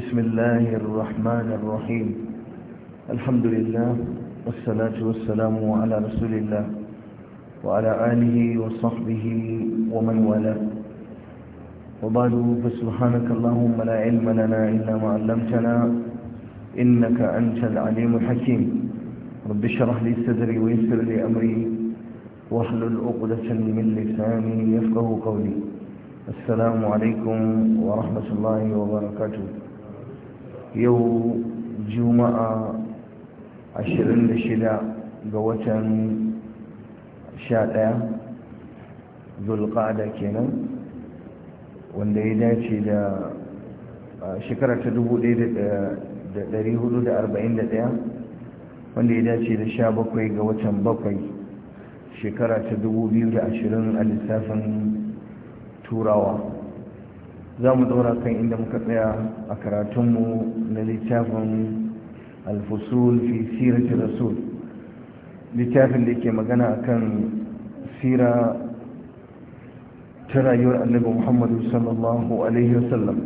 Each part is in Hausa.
بسم الله الرحمن الرحيم الحمد لله والصلاة والسلام على رسول الله وعلى آله وصحبه ومن والاه وبعد فسبحانك اللهم لا علم لنا إلا ما علمتنا إنك أنت العليم الحكيم رب اشرح لي صدري ويسر لي أمري واحلل عقدة من لساني يفقه قولي السلام عليكم ورحمة الله وبركاته yau juma'a 26 ga watan 11 zulqada kenan wanda ya dace da shekara ta 1441 wanda ya dace da 17 ga watan 7 shekara ta 2020 a lissafin turawa za mu daura kan inda muka tsaya a karatunmu na littafin alfusul fi sirati rasul littafin da ke magana a kan sira ta rayuwar annabi muhammadu sallallahu alaihi wasallam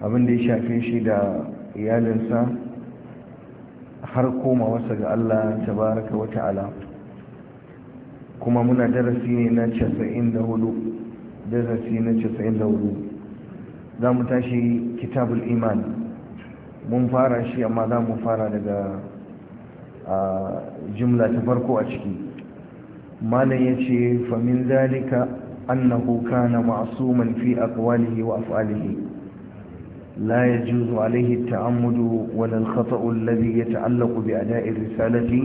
abin ya shafe shi da iyalinsa har koma wasa ga allah tabaraka wa ta'ala kuma muna darasi ne na 94 darasi na 94 za mu tashi kitabul iman mun fara shi amma za mu fara daga jumla ta farko a ciki malam ya ce famin zalika annahu kana ma'asuman fi aqwalihi wa af'alihi la yajuzu alayhi ta'ammudu wala al-khata'u alladhi yata'allaqu bi ada'i risalati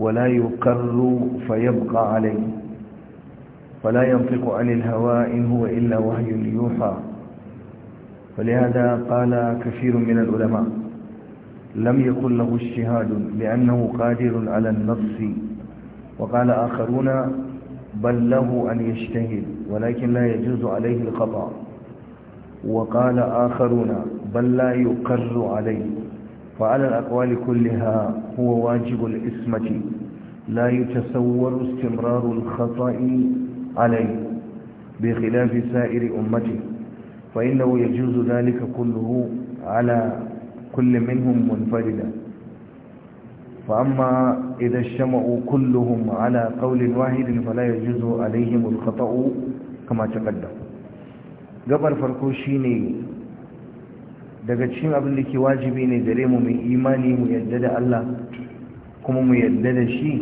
wala yuqarru fayabqa alayhi ولا ينطق عن الهوى إن هو إلا وهي يوحى ولهذا قال كثير من العلماء لم يكن له اجتهاد لأنه قادر على النص وقال آخرون بل له أن يجتهد ولكن لا يجوز عليه الخطأ وقال آخرون بل لا يقر عليه فعلى الأقوال كلها هو واجب الإسمة لا يتصور استمرار الخطأ عليه بخلاف سائر أمته فإنه يجوز ذلك كله على كل منهم منفردا فأما إذا اجتمعوا كلهم على قول واحد فلا يجوز عليهم الخطأ كما تقدم gabar farko shine daga cikin abin da ke wajibi ne gare mu mai imani mu yadda da Allah kuma mu yadda da shi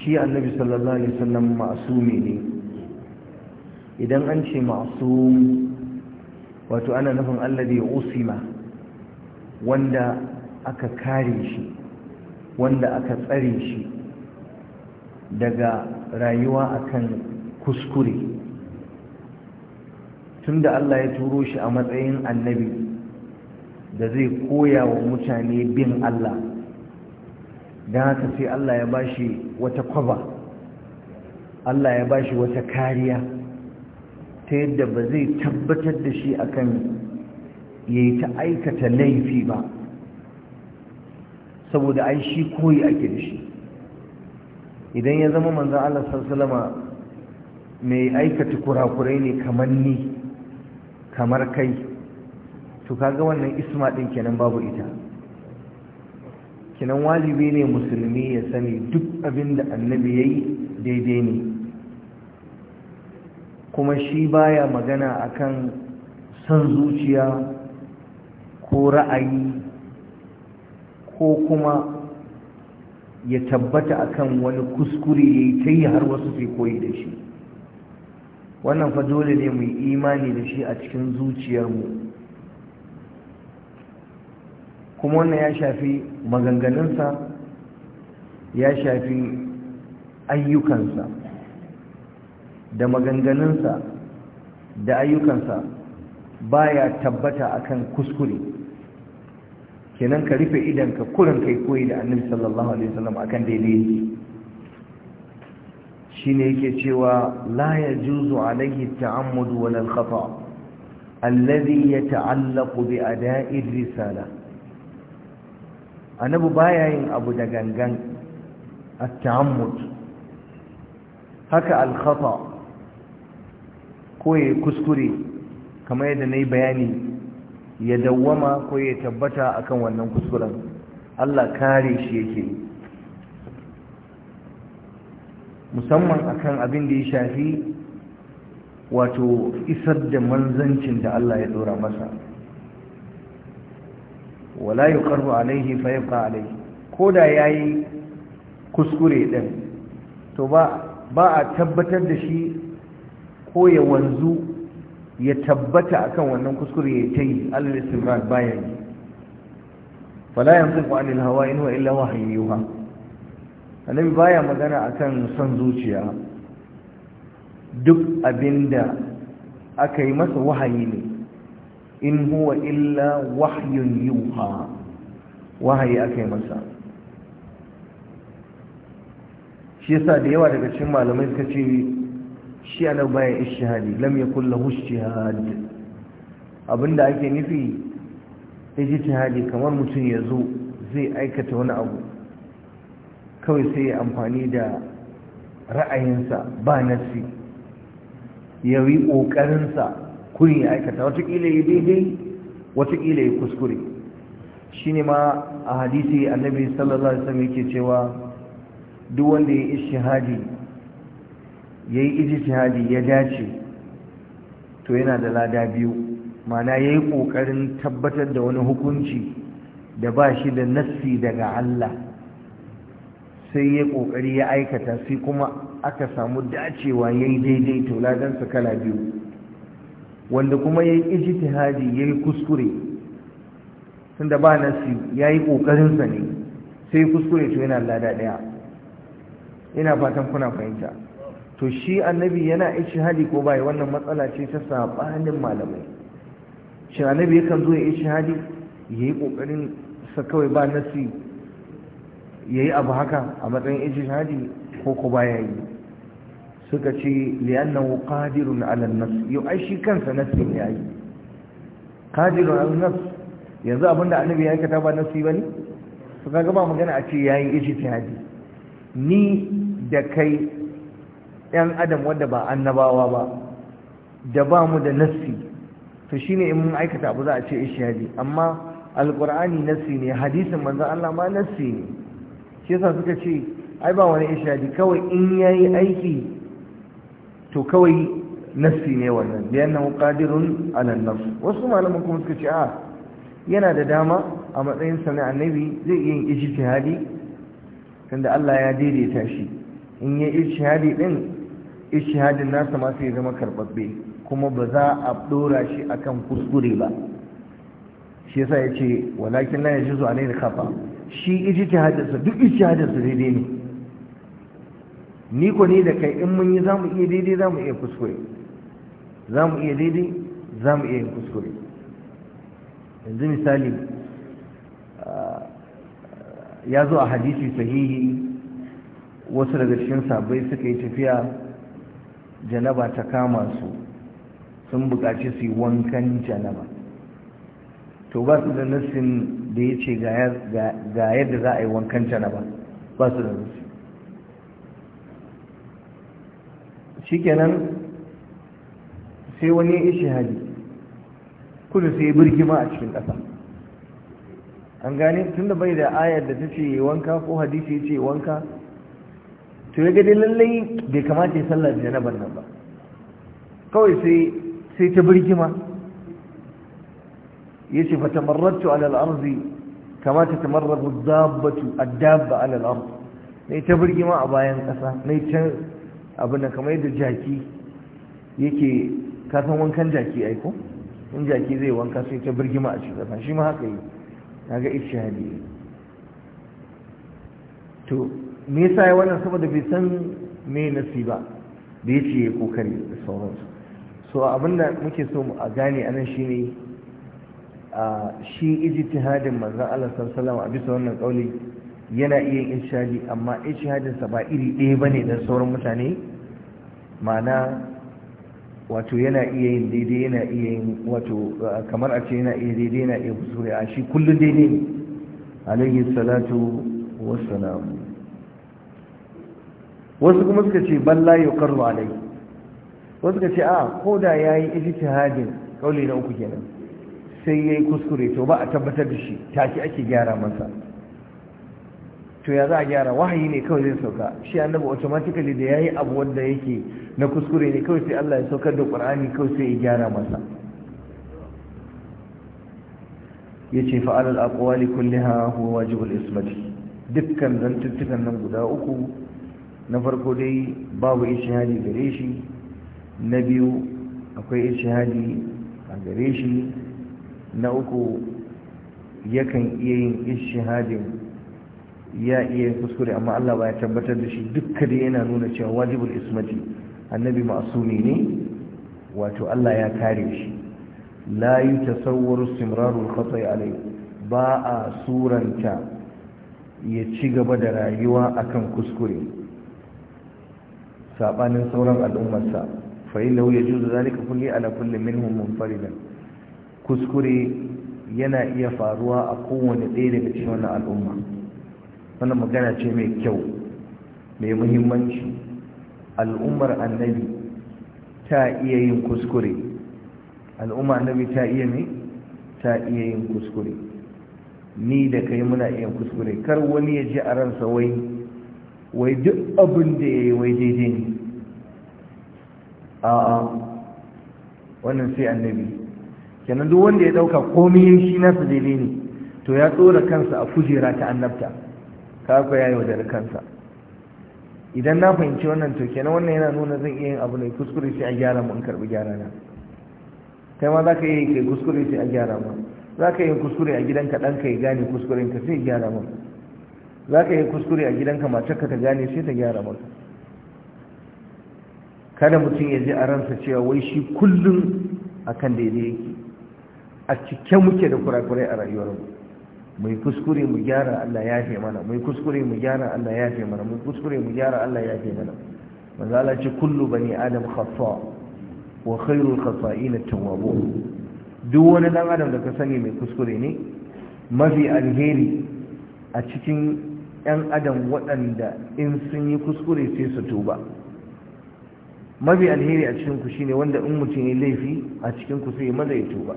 shi annabi sallallahu alaihi wasallam masu ne idan an ce masu wato ana nufin ya usima wanda aka kare shi wanda aka tsare shi daga rayuwa akan kuskure tunda Allah ya turo shi a matsayin annabi da zai koya wa mutane bin Allah don haka sai Allah ya bashi wata kwaba Allah ya bashi wata kariya ta yadda ba zai tabbatar da shi akan yayi ta aikata laifi ba saboda ai shi koyi ake da shi idan ya zama manzan Allah sallama mai aikata kurakurai ne kamar ni kamar kai to kaga wannan isma din kenan babu ita kinan wajibi ne musulmi ya sani duk abin da annabi ya yi daidai ne kuma shi baya magana akan son zuciya ko ra'ayi ko kuma ya tabbata akan wani kuskure ya yi ta yi har wasu ke koyi da shi wannan fa dole ne mu imani da shi a cikin zuciyarmu kuma wannan ya shafi maganganunsa ya shafi ayyukansa da maganganunsa da ayyukansa baya tabbata akan kuskure kenan ka rufe idanka kuran kai koyi da annabi sallallahu alaihi wasallam akan daidai shine yake cewa la yajuzu alaihi ta'ammud wal khata alladhi yata'allaqu bi ada'i risala annabi baya yin abu da gangan at-ta'ammud haka al-khata ko kuskure kamar yadda yi bayani ya dawwama ko ya tabbata akan wannan kuskuren Allah kare shi yake musamman akan abin da ya shafi wato isar da manzancin da Allah ya dora masa wala yuqarru alaihi fa yabqa alaihi koda yayi kuskure din to ba a tabbatar da shi ko ya wanzu ya tabbata akan wannan kuskure ya tayi alal istimrar bayan yi fala yantiqu anil hawa in huwa illa wahyuha baya magana akan son zuciya duk abinda aka yi masa wahayi ne in huwa illa wahyun yuha wahayi akai masa shi yasa da yawa daga cikin malamai suka ce shi ana baya ishihadi lam ya yakul lahu ishihad abinda ake nufi ijtihadi kamar mutum ya zo zai aikata wani abu kawai sai ya amfani da ra'ayinsa ba nasi ya yi ƙoƙarinsa kuri ya aikata watakila ya daidai watakila ya kuskure shi ne ma a hadisi annabi sallallahu alaihi wasallam yake cewa duk wanda ya hadi ya yi hadi ya dace to yana da lada biyu mana ya yi ƙoƙarin tabbatar da wani hukunci da ba shi da nassi daga Allah sai ya ƙoƙari ya aikata sai kuma aka samu dacewa ya yi daidai to ladansa kala biyu wanda kuma ya yi ijtihadi ya yi kuskure tunda ba nasi ya yi ƙoƙarinsa ne sai kuskure to yana lada ɗaya ina fatan kuna fahimta to shi annabi yana ijtihadi ko bai wannan matsala ce ta sabanin malamai shi annabi yakan zo ya ijtihadi ya yi ƙoƙarin sa kawai ba nasi ya yi abu haka a matsayin ijtihadi ko ko ya yi suka ce li'annahu qadirun 'ala an-nafs shi kansa nafsi ne ai qadirun 'ala an-nafs yanzu abinda annabi ya aikata ba nafsi bane to kaga ba magana a ce yayi ijtihadi ni da kai ɗan adam wanda ba annabawa ba da ba mu da nafsi to shine in mun aikata abu za a ce ijtihadi amma alqur'ani nafsi ne hadisin manzon Allah ma nafsi ne shi yasa suka ce ai ba wani ijtihadi kawai in yayi aiki to kawai nassi ne wannan liyannahu qadirun ala nafs wasu malaman kuma suka ce a yana da dama a matsayin sa na annabi zai iya yin ijtihadi tunda Allah ya daidaita shi in yi ijtihadi din ijtihadin nasa ma sai zama karbabbe kuma ba za a dora shi a kan kuskure ba shi yasa ce, walakin la yajuzu alayhi khafa shi ijtihadin sa duk ijtihadin sa daidai ne ni ko ni da kai in mun yi za mu iya daidai za mu iya kuskure za mu iya daidai za mu iya kuskure yanzu misali ya zo a hadisi sahihi wasu daga cikin sabai suka yi tafiya janaba ta kama su sun buƙaci su yi wankan janaba to ba su da nassin da ya ce ga yadda za a yi wankan janaba ba su da nassi shikenan sai wani ya ishi hali kudu sai ya ma a cikin ƙasa an gane tun da bai da ayar da ta ce wanka ko hadisi ce wanka to ya gadi lallai bai kamata ya sallar janabar nan ba kawai sai ta birgima ya ce fata marrattu alal arzi kamata ta marratu dabbatu addabba alal arzi na ta birgima a bayan ƙasa na ta Abu na kamar yadda jaki yake kasan wankan jaki aiko in jaki zai wanka sai ta birgima a cikin ƙasa shi ma haka yi na ga hadi to me sa ya wannan saboda bai san me nasi ba da ya ce ya kokari da sauransu so abinda muke so a gane anan shine shi ijtihadin manzon Allah sallallahu alaihi wasallam a bisa wannan kauli yana iya yin ishadi amma ishadinsa ba iri ɗaya ba ne don sauran mutane ma'ana wato yana iya yin daidai yana iya yin wato ah, kamar a ce yana iya daidai yana iya kuskure a shi kullum daidai ne alayhi salatu wassalam wasu kuma suka ce balla ya karu alai wasu suka ce a ko da ya yi ijtihadin kauli na uku kenan sai ya yi kuskure to ba a tabbatar da shi take ake gyara masa to ya za a gyara wahayi ne kawai zai sauka shi annabi automatically da yayi abu wanda yake na kuskure ne kawai sai Allah ya saukar da Qur'ani kawai sai ya gyara masa yace fa alal aqwali kullaha huwa wajibul ismati dukkan zantuttukan nan guda uku na farko dai babu ishihadi gare shi na biyu akwai ishihadi a gare shi na uku yakan iya yin ishihadin ya iya yin kuskure amma Allah ba ya tabbatar da shi dukka dai yana nuna cewa wajibul ismati annabi ma'asumi ne wato Allah ya kare shi la yutasawwaru istimrarul khata'i alayhi ba a suranta ya ci gaba da rayuwa akan kuskure sabanin sauran al'ummarsa fa innahu yajuzu zalika kulli ala kulli minhum munfaridan kuskure yana iya faruwa a kowane ɗaya daga cikin al'umma wannan magana ce mai kyau mai muhimmanci al'ummar annabi ta iya yin kuskure al'ummar annabi ta iya ne ta iya yin kuskure ni da kai muna iya kuskure kar wani ya ji a ransa wai wai duk abin da ya yi wai daidai ne a'a wannan sai annabi kenan duk wanda ya dauka komai shi nasa daidai ne to ya tsora kansa a kujera ta annabta kaga ya yaudari kansa idan na fahimci wannan to kenan wannan yana nuna zan iya yin abu ne kuskure sai a gyara mu in karbi gyara na kai ma za ka iya kai kuskure sai a gyara mun za ka yi kuskure a gidan ka dan ya gane kuskuren ka sai ya gyara mun za ka yi kuskure a gidan ka gidanka ka ta gane sai ta gyara mun kada mutum ya ji a ransa cewa wai shi kullum akan daidai yake a cike muke da kurakurai a rayuwarmu mai kuskure mu gyara Allah ya fi mana mai kuskure mu gyara Allah ya fi mana mai kuskure mu gyara Allah ya fi mana manzo Allah ce kullu bani adam khata wa khairul khata'in at-tawwabun duk wani dan adam da ka sani mai kuskure ne mafi alheri a cikin yan adam waɗanda in sun yi kuskure sai su tuba mafi alheri a cikin ku shine wanda in mutum ya laifi a cikin ku sai maza ya tuba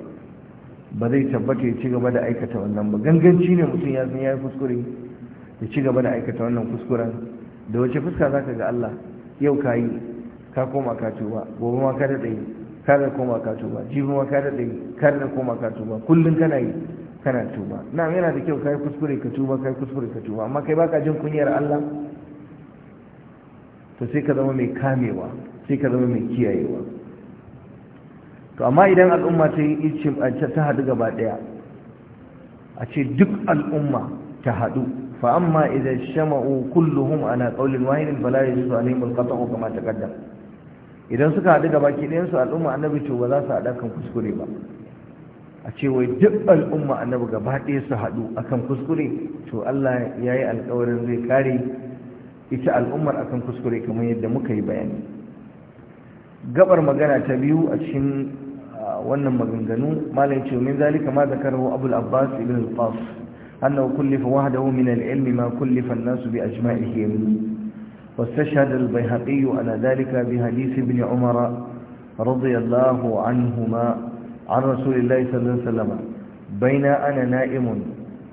ba zai tabbata ya ci gaba da aikata wannan ba ganganci ne mutum ya san ya yi kuskure ya ci gaba da aikata wannan kuskuren da wace fuska za ka ga Allah yau ka yi ka koma ka tuba gobe ma ka daɗe ka da koma ka tuba jibi ma ka daɗe ka da koma ka tuba kullum kana yi kana tuba na yana da kyau ka yi kuskure ka tuba ka yi kuskure ka tuba amma kai baka jin kunyar Allah to sai ka zama mai kamewa sai ka zama mai kiyayewa to amma idan al'umma ta yi ta haɗu gaba ɗaya a ce duk al'umma ta haɗu fa amma idan shama'u kulluhum ana qaulin wahidin fala yajidu alaihim alqata'u kama taqaddam idan suka haɗu gaba ki ɗayan su al'umma annabi to ba za su haɗa kan kuskure ba a ce wai duk al'umma annabi gaba ɗaya su haɗu akan kuskure to Allah ya yi alƙawarin zai kare ita al'ummar akan kuskure kamar yadda muka yi bayani gabar magana ta biyu a cikin وانما maganganu malam ce min zalika ma zakarahu abul abbas ibn al-qas annahu kullifa wahdahu min al-ilmi ma kullifa an-nas واستشهد البيهقي على ذلك بحديث ابن عمر رضي الله عنهما عن رسول الله صلى الله عليه وسلم بين أنا نائم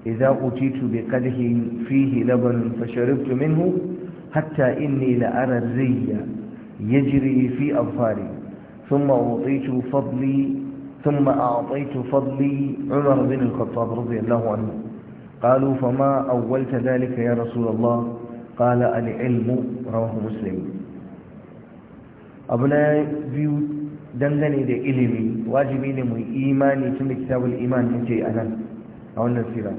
إذا أتيت بقدح فيه لبن فشربت منه حتى إني لأرى الري يجري في أظفاري ثم أعطيت فضلي ثم أعطيت فضلي عمر بن الخطاب رضي الله عنه قالوا فما أولت ذلك يا رسول الله قال العلم رواه مسلم أبنا بيو دنغني دي إلمي واجبين مي إيماني تم كتاب الإيمان نتي أنا أو النسيرة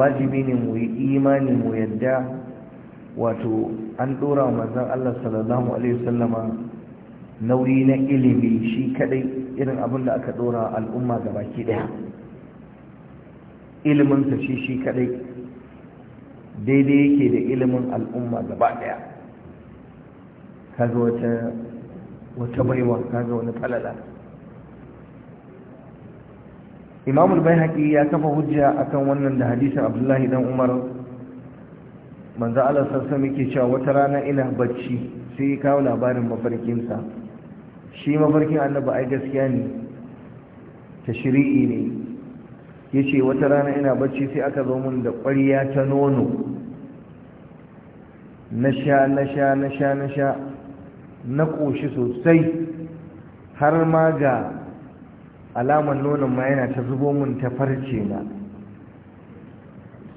واجبين مي إيماني ميدع واتو أن دورا ومزان الله صلى الله عليه وسلم Nauri na ilimi shi kadai irin abin da aka dora al'umma ga baki daya iliminsa shi shi kadai daidai yake da ilimin al'umma gaba daya kaga wata wata baiwa kaga wani falala imam al-baihaqi ya kafa hujja akan wannan da hadisin abdullahi dan umar manzo Allah sallallahu alaihi wasallam yake cewa wata rana ina bacci sai ya kawo labarin sa shi mafarkin annabi ai gaskiya ne ta shiri'i ne Ya ce wata rana ina bacci sai aka zo mun da ƙwarya ta nono na sha na sha na sha na sha na ƙoshi sosai har ma ga alamar nonon ma yana ta zubo mun ta farce na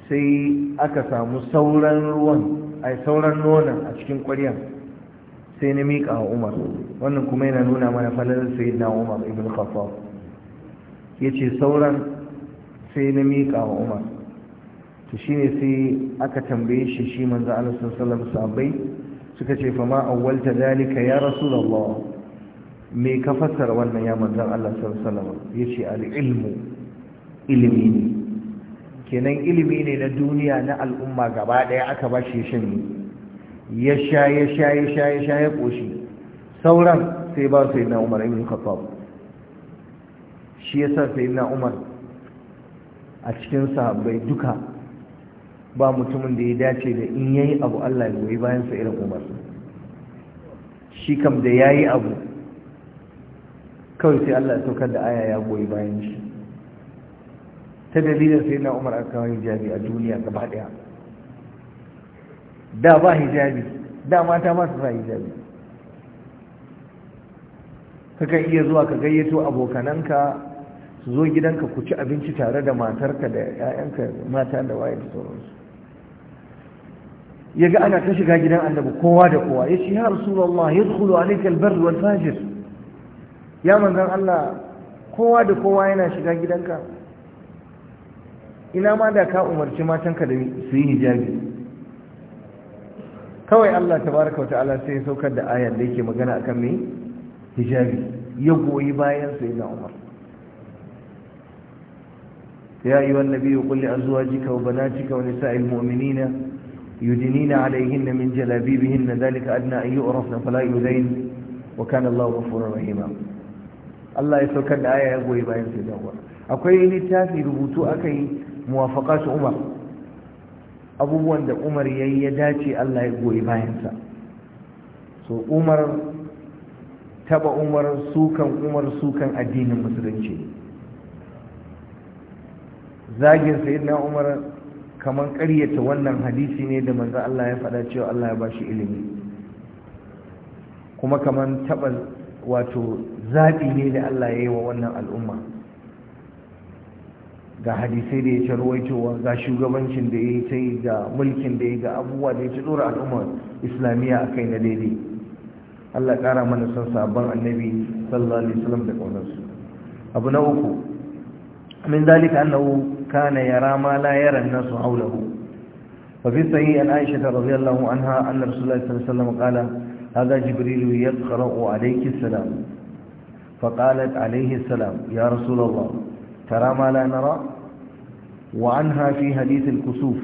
sai aka samu sauran ruwan ai sauran nonon a cikin ƙwaryan sai na miƙa wa umar wannan kuma yana nuna mana falalar na umar ibn khattab yace sauran sai na miƙa wa umar shi ne sai aka tambaye shi shi manzo Allah sallallahu alaihi suka ce fa ma awwalta dalika ya rasulullah me ka fassara wannan ya manzo Allah sallallahu alaihi wasallam yace al-ilmu ilimi ne kenan ilimi ne na duniya na al'umma gaba ɗaya, aka bashi shin ya sha ya sha ya sha ya sha ya koshi sauran sai ba sai na umar ibn khattab shi yasa sai na umar a cikin sahabbai duka ba mutumin da ya dace da in yayi abu Allah ya goyi bayan sa irin umar shi kam da yayi abu kawai sai Allah ya saukar da aya ya goyi bayan shi ta dalilin sai na umar aka kawo jabi a duniya gaba daya da ba hijabi da mata masu sa hijabi kakan iya zuwa ka gayyato abokananka su zo gidanka ku ci abinci tare da matarka da 'ya'yanka mata da waye da sauransu ya ga ana ta shiga gidan annabi kowa da kowa ya ce ya rasulallah ya zuhulu alaikal bar wal fajir ya manzan Allah kowa da kowa yana shiga gidanka ina ma da ka umarci matanka da su yi hijabi kawai allah tabaraka wata'ala sai ya saukar da ayar da yake magana akan mai hijabi ya goyi bayan sai na umar ya yi wani nabi ya kulle azuwa jika wa bana cika wani sa'il mu'minina yudinina alaihin na min jalabibihin na zalika adina an na fala yuzain wa kan allahu rahima allah ya saukar da aya ya goyi bayan sai na umar akwai littafi rubutu aka yi su umar abubuwan da umar ya yi ya dace allah ya goyi bayansa so umar taba umar sukan umar sukan addinin musulunci zagin sayyidina umar kamar karyata wannan hadisi ne da manzo allah ya faɗa cewa allah ya ba shi ilimi kuma kamar taba wato zaɓi ne da allah ya yi wa wannan al'umma ga hadisai da ya ce ruwaitowa ga shugabancin da ya ta yi ga mulkin da ya ga abubuwa da ya ci dora al'ummar islamiyya a kai na daidai allah ƙara mana son sabon annabi sallallahu alaihi wasallam da ƙaunarsu abu na uku min dalika annahu kana yara ma la yara nasu haulahu fa fi sahih an aisha ta radhiyallahu anha anna rasulullahi sallallahu alaihi wasallam qala hadha jibril yaqra'u alayki salam فقالت عليه السلام يا رسول الله ترى ما لا نرى وعنها في حديث الكسوف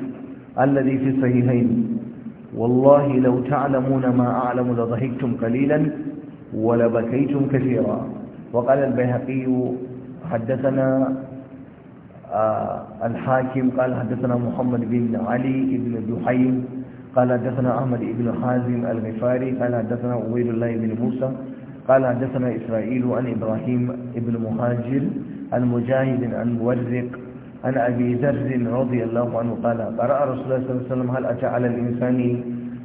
الذي في الصحيحين والله لو تعلمون ما أعلم لضحكتم قليلا ولبكيتم كثيرا وقال البيهقي حدثنا آه، الحاكم قال حدثنا محمد بن علي بن دحيم قال حدثنا أحمد بن حازم الغفاري قال حدثنا عبيد الله بن موسى قال حدثنا إسرائيل عن إبراهيم بن مهاجر عن مجاهد عن مورق عن أبي ذر رضي الله عنه قال قرأ رسول الله صلى الله عليه وسلم هل أتى على الإنسان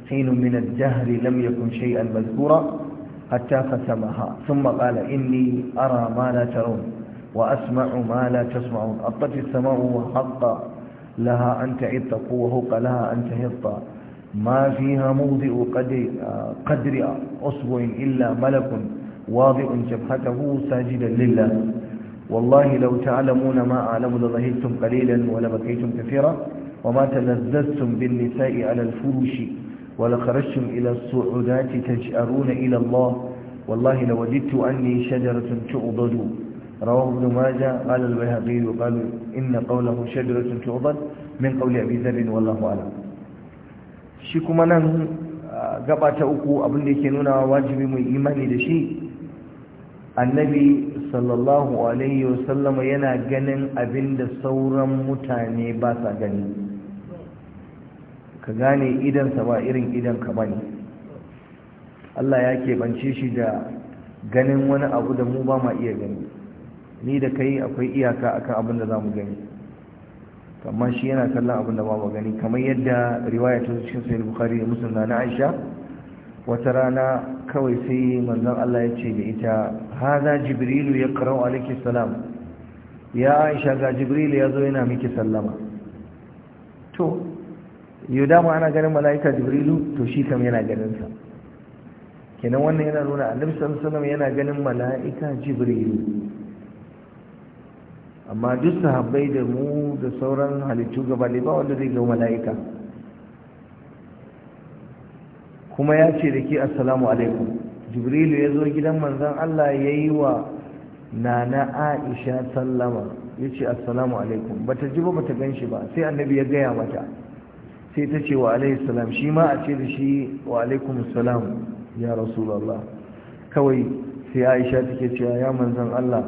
حين من الدهر لم يكن شيئا مذكورا حتى قسمها ثم قال إني أرى ما لا ترون وأسمع ما لا تسمعون أطت السماء وحق لها أن تعطق وهق لها أن تهط ما فيها موضع قدر, قدر أصبع إلا ملك واضع جبهته ساجدا لله والله لو تعلمون ما أعلم لضحكتم قليلا ولبكيتم كثيرا وما تلذذتم بالنساء على الفرش ولخرجتم إلى الصعودات تجأرون إلى الله والله لوجدت أني شجرة تعضد رواه ابن ماجه قال البيهقي وقال إن قوله شجرة تعضد من قول أبي ذر والله أعلم شكما نحن gaba ta uku abin da yake nuna wajibi mai imani da shi annabi sallallahu alaihi wasallam yana ganin abinda sauran mutane ba sa gani ka gane idansa ba irin idan ka bane Allah ya keɓance shi da ganin wani abu da mu ba ma iya gani ni da kai akwai iyaka akan abin da za mu gani amma shi yana kallon abin da ba mu gani kamar yadda riwaya ta cikin sahih bukhari da muslim na aisha wata rana kawai sai manzon Allah ya ce da ita هذا jibrilu ya عليك السلام salam ya aisha ga jibrilu ya zo yana miki sallama to yau dama ana ganin mala'ika jibrilu to shi kam yana kenan wannan yana nuna annabi sallallahu yana ganin mala'ika jibrilu amma duk sahabbai da mu da sauran halittu gaba da ba wanda zai ga mala'ika kuma ya ce da ke assalamu alaikum jibrilu ya zo gidan manzan Allah ya yi wa nana aisha sallama ya ce assalamu alaikum ba ta ji ba ba ta gan shi ba sai annabi ya gaya mata sai ta ce wa alaihi salam shi ma a ce da shi wa alaikum salam ya rasulallah kawai sai aisha take cewa ya manzan Allah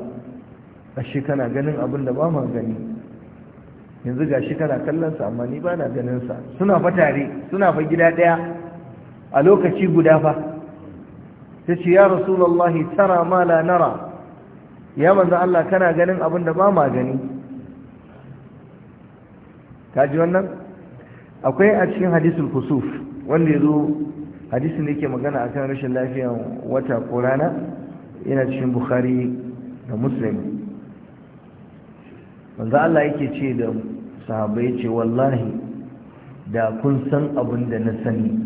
ashe kana ganin abin da ba ma gani yanzu ga shi kana kallonsa amma ni ba na ganinsa suna fa tare suna fa gida ɗaya a lokaci guda fa ta ce ya rasulallahi tara ma la nara ya manzo Allah kana ganin abin da ba ma gani kaji wannan akwai a cikin hadisul kusuf wanda yazo hadisin da yake magana a kan rashin lafiyan wata ko rana yana cikin bukhari da muslim manzo Allah yake ce da sahabbai ce wallahi da kun san abin da na sani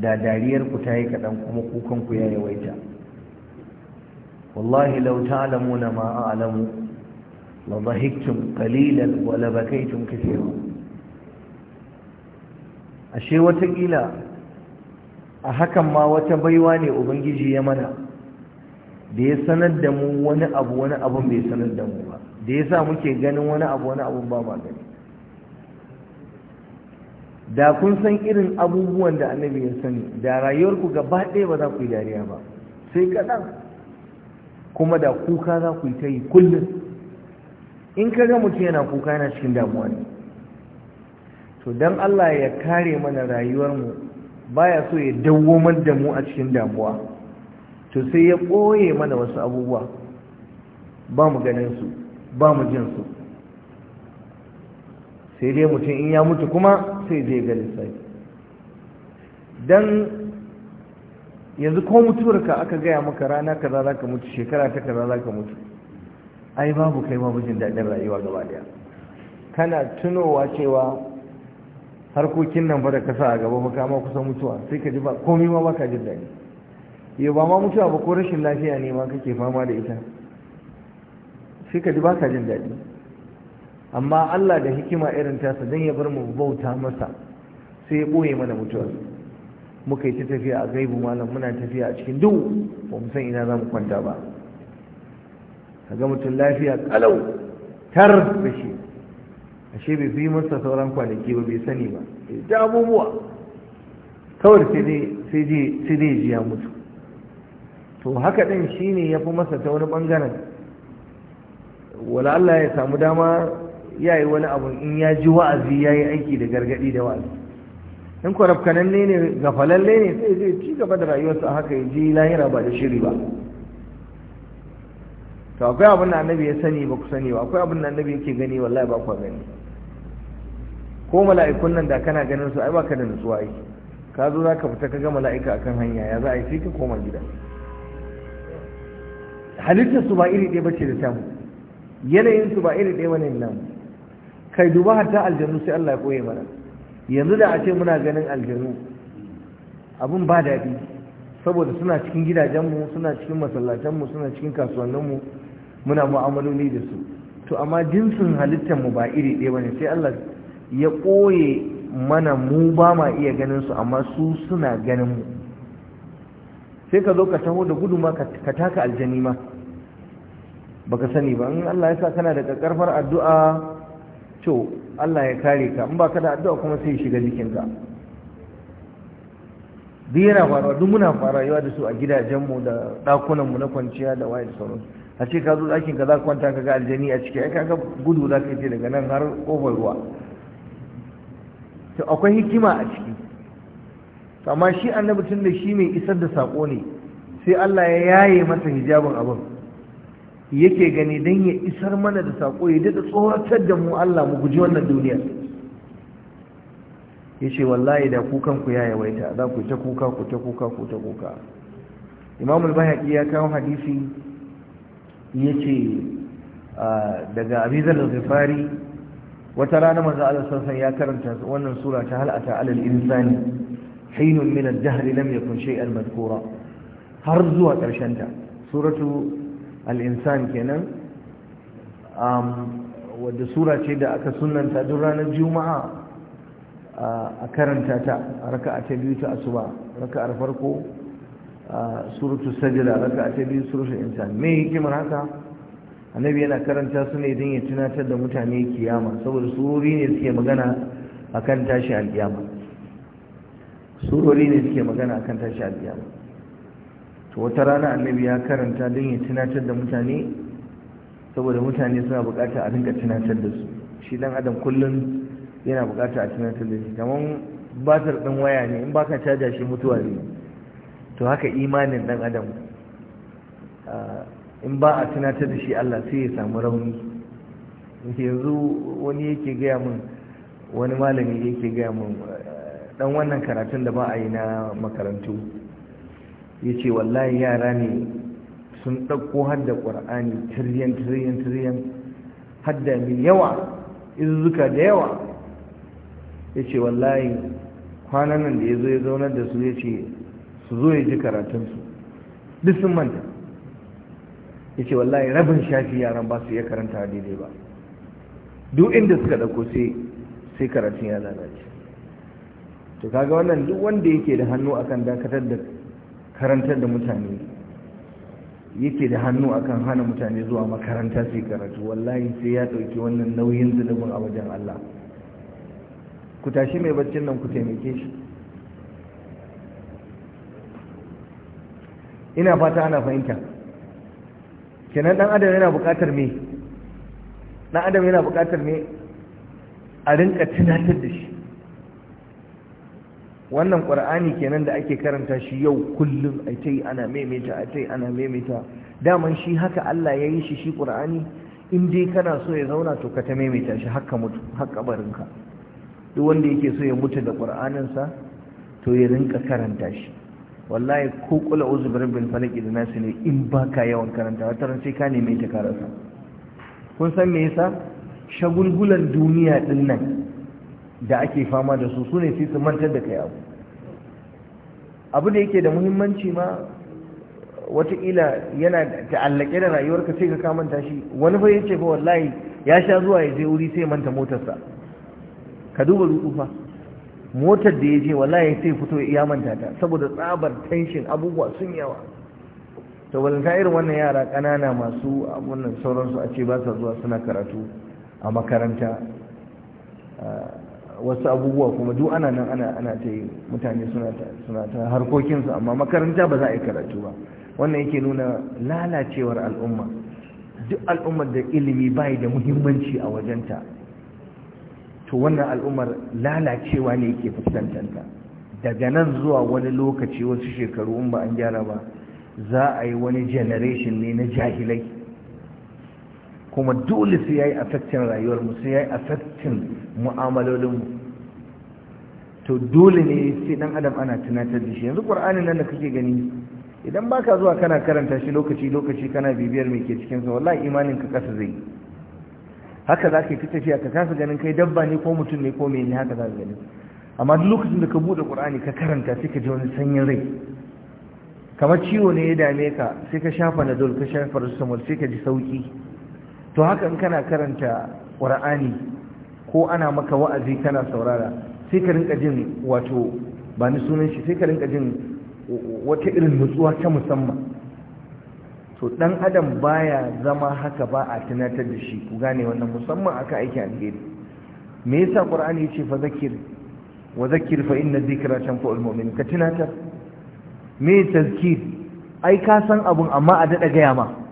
da dariyarku ta yi kaɗan kuma kukanku ya yawaita wallahi lau ta'lamuna ma a'lamu la dhahiktum qalilan wa la bakaytum kaseera ashe watakila a hakan ma wata baiwa ne ubangiji ya mana da ya sanar da mu wani abu wani abun bai sanar da mu ba da ya sa muke ganin wani abu wani abun ba ma gani da kun san irin abubuwan da annabi ya sani da rayuwarku gaba ɗaya ba za ku yi dariya ba sai kaɗan kuma da kuka za ku yi ta yi kullum in ka ga mutum yana kuka yana cikin damuwa ne to don allah ya kare mana rayuwarmu baya so ya dawo da mu a cikin damuwa to sai ya ɓoye mana wasu abubuwa ba mu ganin su ba mu jin su sai dai mutum in ya mutu kuma sai zai ga lissafi don yanzu ko mutuwarka aka gaya maka rana kaza za ka mutu shekara ta kaza za ka mutu ai babu kai babu jin daɗin rayuwa gaba daya kana tunowa cewa harkokin nan ba da kasa a gaba maka ma kusan mutuwa sai ka ji ba komi ma baka jin daɗi yau ba ma mutuwa ba ko rashin lafiya ne ma kake fama da ita sai ka ji baka jin daɗi amma Allah da hikima irin tasa dan ya bar mu bauta masa sai ya ɓoye mana mutuwa muka yi ta tafiya a gaibu malam muna tafiya a cikin duhu ba mu san ina za mu kwanta ba kaga mutum lafiya kalau tar da shi ashe bai fi masa sauran kwanaki ba bai sani ba ta abubuwa kawai sai dai ji ya mutu to haka ɗin shi ne ya fi masa ta wani ɓangaren wala Allah ya samu dama ya yi wani abu in ya ji wa'azi ya yi aiki da gargaɗi da wa'azi in kwarafkananne ne gafalalle ne sai zai ci gaba da rayuwarsa haka ya ji lahira ba da shiri ba to akwai abin da annabi ya sani ba ku sani ba akwai abin da annabi yake gani wallahi ba ku gani ko mala'ikun nan da kana ganin su ai ba ka da nutsuwa ai ka zo zaka fita ka ga mala'ika akan hanya ya za a yi sai ka koma gida Halittarsu su ba iri ɗaya bace da tamu yanayin su ba iri ɗaya bane namu kai duba hatta aljanu sai Allah ya koye mana yanzu da a ce muna ganin aljanu abin ba daɗi saboda suna cikin gidajenmu suna cikin masallatanmu suna cikin kasuwanninmu muna mu'amaloli da su to amma jinsin halittar mu ba iri ɗaya bane sai Allah ya koye mana mu ba ma iya ganin su amma su suna ganin mu sai ka zo ka taho da gudu ma ka taka aljani ma baka sani ba in Allah ya sa kana da karfar addu'a to Allah ya kare ka in ba ka da addu'a kuma sai shiga jikinka duk yana faruwa duk muna farawa da su a gidajenmu da ɗakunanmu na kwanciya da waye da a ce ka zo ɗakin ka za ka kwanta ka ga aljani a ciki ai kaga gudu za ka je daga nan har kofar ruwa to akwai hikima a ciki amma shi annabi tun da shi mai isar da sako ne sai Allah ya yaye masa hijabin abin yake gani don ya isar mana da saƙo ya daɗa tsoratar da mu Allah mu guji wannan duniyar ya ce wallahi da kukanku ya yawaita za ku ta kuka ku ta kuka ku ta kuka imamul bahaki ya kawo hadisi ya ce ah, daga abizar Zafari, wata rana maza ala sallallahu ya karanta wannan sura ta hal'ata alal insani hainun minar ad-dahr ya kunshe al-madkura har zuwa ƙarshen ta suratu al'insan kenan um, wadda sura ce da aka sunanta duk ranar juma'a a karanta ta a raka a ta biyu ta asuba raka a farko suratu sajida raka a ta biyu suratu insan me hikimar haka annabi yana karanta su ne don ya tunatar da mutane kiyama saboda surori ne suke magana akan tashi alkiyama surori ne suke magana akan tashi alkiyama to wata rana annabi ya karanta don ya tunatar da mutane saboda mutane suna bukata a rinka tunatar da su shi dan adam kullum yana bukata a tunatar da shi kamar batar ɗin waya ne in baka caja shi mutuwa ne to haka imanin dan adam in ba a tunatar da shi Allah sai ya samu rauni yanzu wani yake gaya min wani malami yake gaya min dan eh, wannan karatun da ba a yi na makarantu ya ce wallahi yara ne sun ɗauko hadda ƙwar'ani tiriyan tiriyan tiriyan hadda mai yawa izuka da yawa ya ce wallahi kwanan nan da ya zo ya zaunar da su ya ce su zo ya ji karatunsu duk sun manta ya ce wallahi rabin shafi yaran ba su iya karanta daidai ba duk inda suka ɗauko sai karatun ya lalace to kaga wannan duk wanda yake da hannu akan dakatar da karantar da mutane yake da hannu akan hana mutane zuwa makaranta sai karatu wallahi sai ya ɗauki wannan nauyin zunubin a wajen Allah ku tashi mai baccin nan ku taimake shi ina fata ana fahimta kenan dan adam yana buƙatar me dan adam yana buƙatar me a rinka tunatar da wannan ƙwar'ani kenan da ake karanta shi yau kullum a ta ana maimaita a ta ana maimaita daman shi haka Allah ya yi shi shi ƙwar'ani in dai kana so ya zauna to ka ta maimaita shi haka mutu haka barinka duk wanda yake so ya mutu da ƙwar'aninsa to ya rinka karanta shi wallahi ko kula uzu birbil falaki da nasu ne in ba ka yawan karanta wata sai ka nemi ta karasa kun san me yasa shagulgulan duniya din nan da ake fama da su su ne sai su mantar da kai abu abu da yake da muhimmanci ma ila yana ta ta'allake da rayuwarka sai ka kamanta shi wani fa yace fa wallahi ya sha zuwa ya je wuri sai manta motarsa ka duba rudu fa motar da ya je wallahi sai fito ya manta ta saboda tsabar tension abubuwa sun yawa to balanta irin wannan yara kanana masu wannan sauransu a ce ba sa zuwa suna karatu a makaranta ah, wasu abubuwa kuma duk ana nan ana ana ta yi mutane suna ta harkokinsu amma makaranta ba za a yi karatu ba wannan yake nuna lalacewar al'umma duk al'ummar da ilimi bai da muhimmanci a wajenta to wannan al'ummar lalacewa ne yake fuskantanta daga nan zuwa wani lokaci wasu shekaru in ba an gyara ba za a yi wani generation ne na jahilai kuma dole sai ya yi affectin rayuwarmu sai ya yi affectin mu'amalolinmu to dole ne sai dan adam ana tunatar da shi yanzu ƙwar'anin nan da kake gani idan baka zuwa kana karanta shi lokaci lokaci kana bibiyar mai ke cikinsa wallahi imanin ka kasa zai haka za ka yi tafiya ka kasa ganin kai dabba ne ko mutum ne ko ne haka za ka gani amma duk lokacin da ka buɗe ƙur'ani ka karanta sai ka ji wani sanyin rai kamar ciwo ne ya dame ka sai ka shafa nadol ka shafa rasamol sai ka ji sauki to haka in kana karanta ƙur'ani ko ana maka wa'azi kana saurara sai ka rinka jin wato ba ni sunan shi sai ka rinka jin wata irin nutsuwa ta musamman to dan adam baya zama haka ba a tunatar da shi ku gane wannan musamman aka aiki alheri me yasa qur'ani yace fa zakir wa zakir fa inna dhikra tanfa'ul mu'min ka tunatar me tazkir ai ka san abun amma a dada gaya ma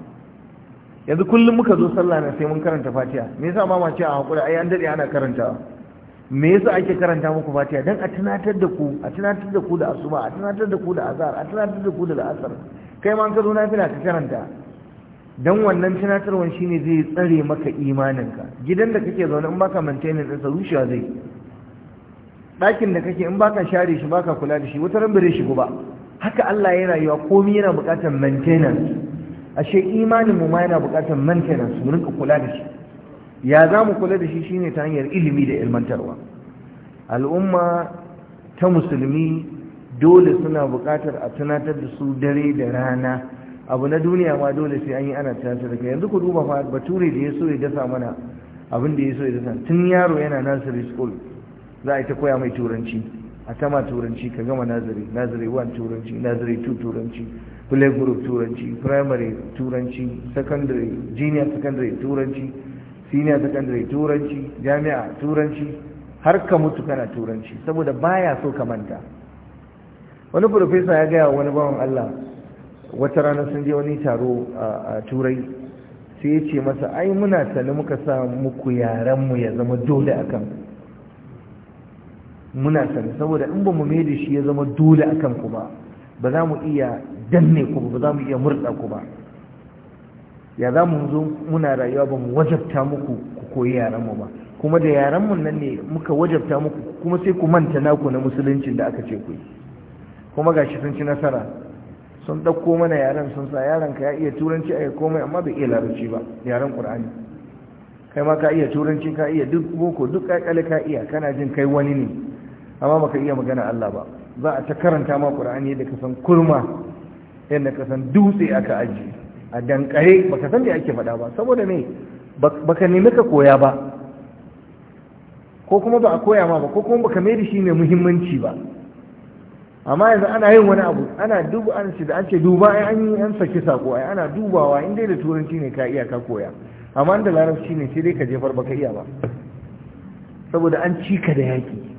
yanzu kullum muka zo sallah na sai mun karanta fatiha me yasa ma ce a hakuri ai an dade ana karanta me yasa ake karanta muku fatiha dan a tunatar da ku a tunatar da ku da asuba a tunatar da ku da azhar a tunatar da ku da al'asar kai ma an ka zo nafila ka karanta dan wannan tunatarwan shine zai tsare maka imaninka gidan da kake zaune in baka maintenance din sa rushewa zai ɗakin da kake in baka share shi baka kula da shi wata ran bare shigo ba haka Allah yana yiwa komai yana buƙatar maintenance ashe imanin mu ma yana bukatar maintenance mu rinka kula da shi ya za mu kula da shi shine ta hanyar ilimi da ilmantarwa al'umma ta musulmi dole suna buƙatar a tunatar da su dare da rana abu na duniya ma dole sai an yi ana tunatar da kai yanzu ku duba fa bature da ya so ya dasa mana abin da ya ya dasa tun yaro yana nursery school za a yi ta koya mai turanci a tama turanci ka gama nazari nazari 1 turanci nazari 2 turanci play turanci primary turanci secondary junior secondary turanci senior secondary turanci jami'a turanci har ka mutu kana turanci saboda baya so ka manta wani profesa ya gaya wani bawan Allah wata rana sun je wani taro a turai sai ya ce masa ai muna sani muka sa muku yarenmu ya zama dole a kan muna sani saboda in ba mu mai da shi ya zama dole a kan ku ba za mu iya danne ku ba za mu iya murda ku ba ya za mu zo muna rayuwa ba mu wajabta muku ku koyi yaran mu ba kuma da yaran mu nan ne muka wajabta muku kuma sai ku manta naku na musuluncin da aka ce ku yi kuma gashi sun ci nasara sun dauko mana yaran sun sa yaran ka ya iya turanci a komai amma bai iya larabci ba yaran ƙur'ani kai ma ka iya turanci ka iya duk boko duk ƙaƙale ka iya kana jin kai wani ne amma baka iya magana Allah ba za a ta karanta ma ƙur'ani da kasan kurma yadda kasan dutse aka aji a dankare baka san da ake faɗa ba saboda me baka nemi ka koya ba ko kuma ba a koya ma ba ko kuma baka mai da shi mai muhimmanci ba amma yanzu ana yin wani abu ana duba an ce da an ce duba ai an yi an saki sako ai ana dubawa in dai da turanci ne ka iya ka koya amma da larabci ne sai dai ka jefar baka iya ba saboda an cika da yaki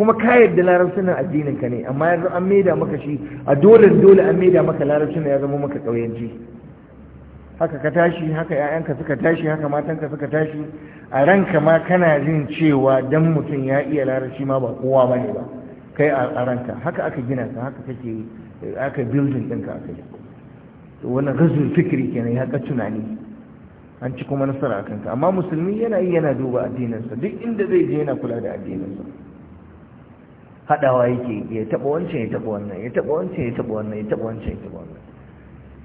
kuma ka yarda larabcin nan addinin ne amma yanzu an maida maka shi a dole dole an maida maka larabcin ya zama maka ƙauyanci haka ka tashi haka ƴaƴanka suka tashi haka matanka suka tashi a ranka ma kana jin cewa dan mutum ya iya larabci ma ba kowa bane ba kai a ranka haka aka gina ka haka kake aka building ɗinka aka yi to wannan gazul fikiri kenan ya ka tunani an ci kuma nasara a kanka amma musulmi yana yi yana duba addininsa duk inda zai je yana kula da addininsa haɗawa yake ya taɓa wancan ya taɓa wannan ya taɓa wancan ya taɓa wannan ya taɓa wancan ya taɓa wannan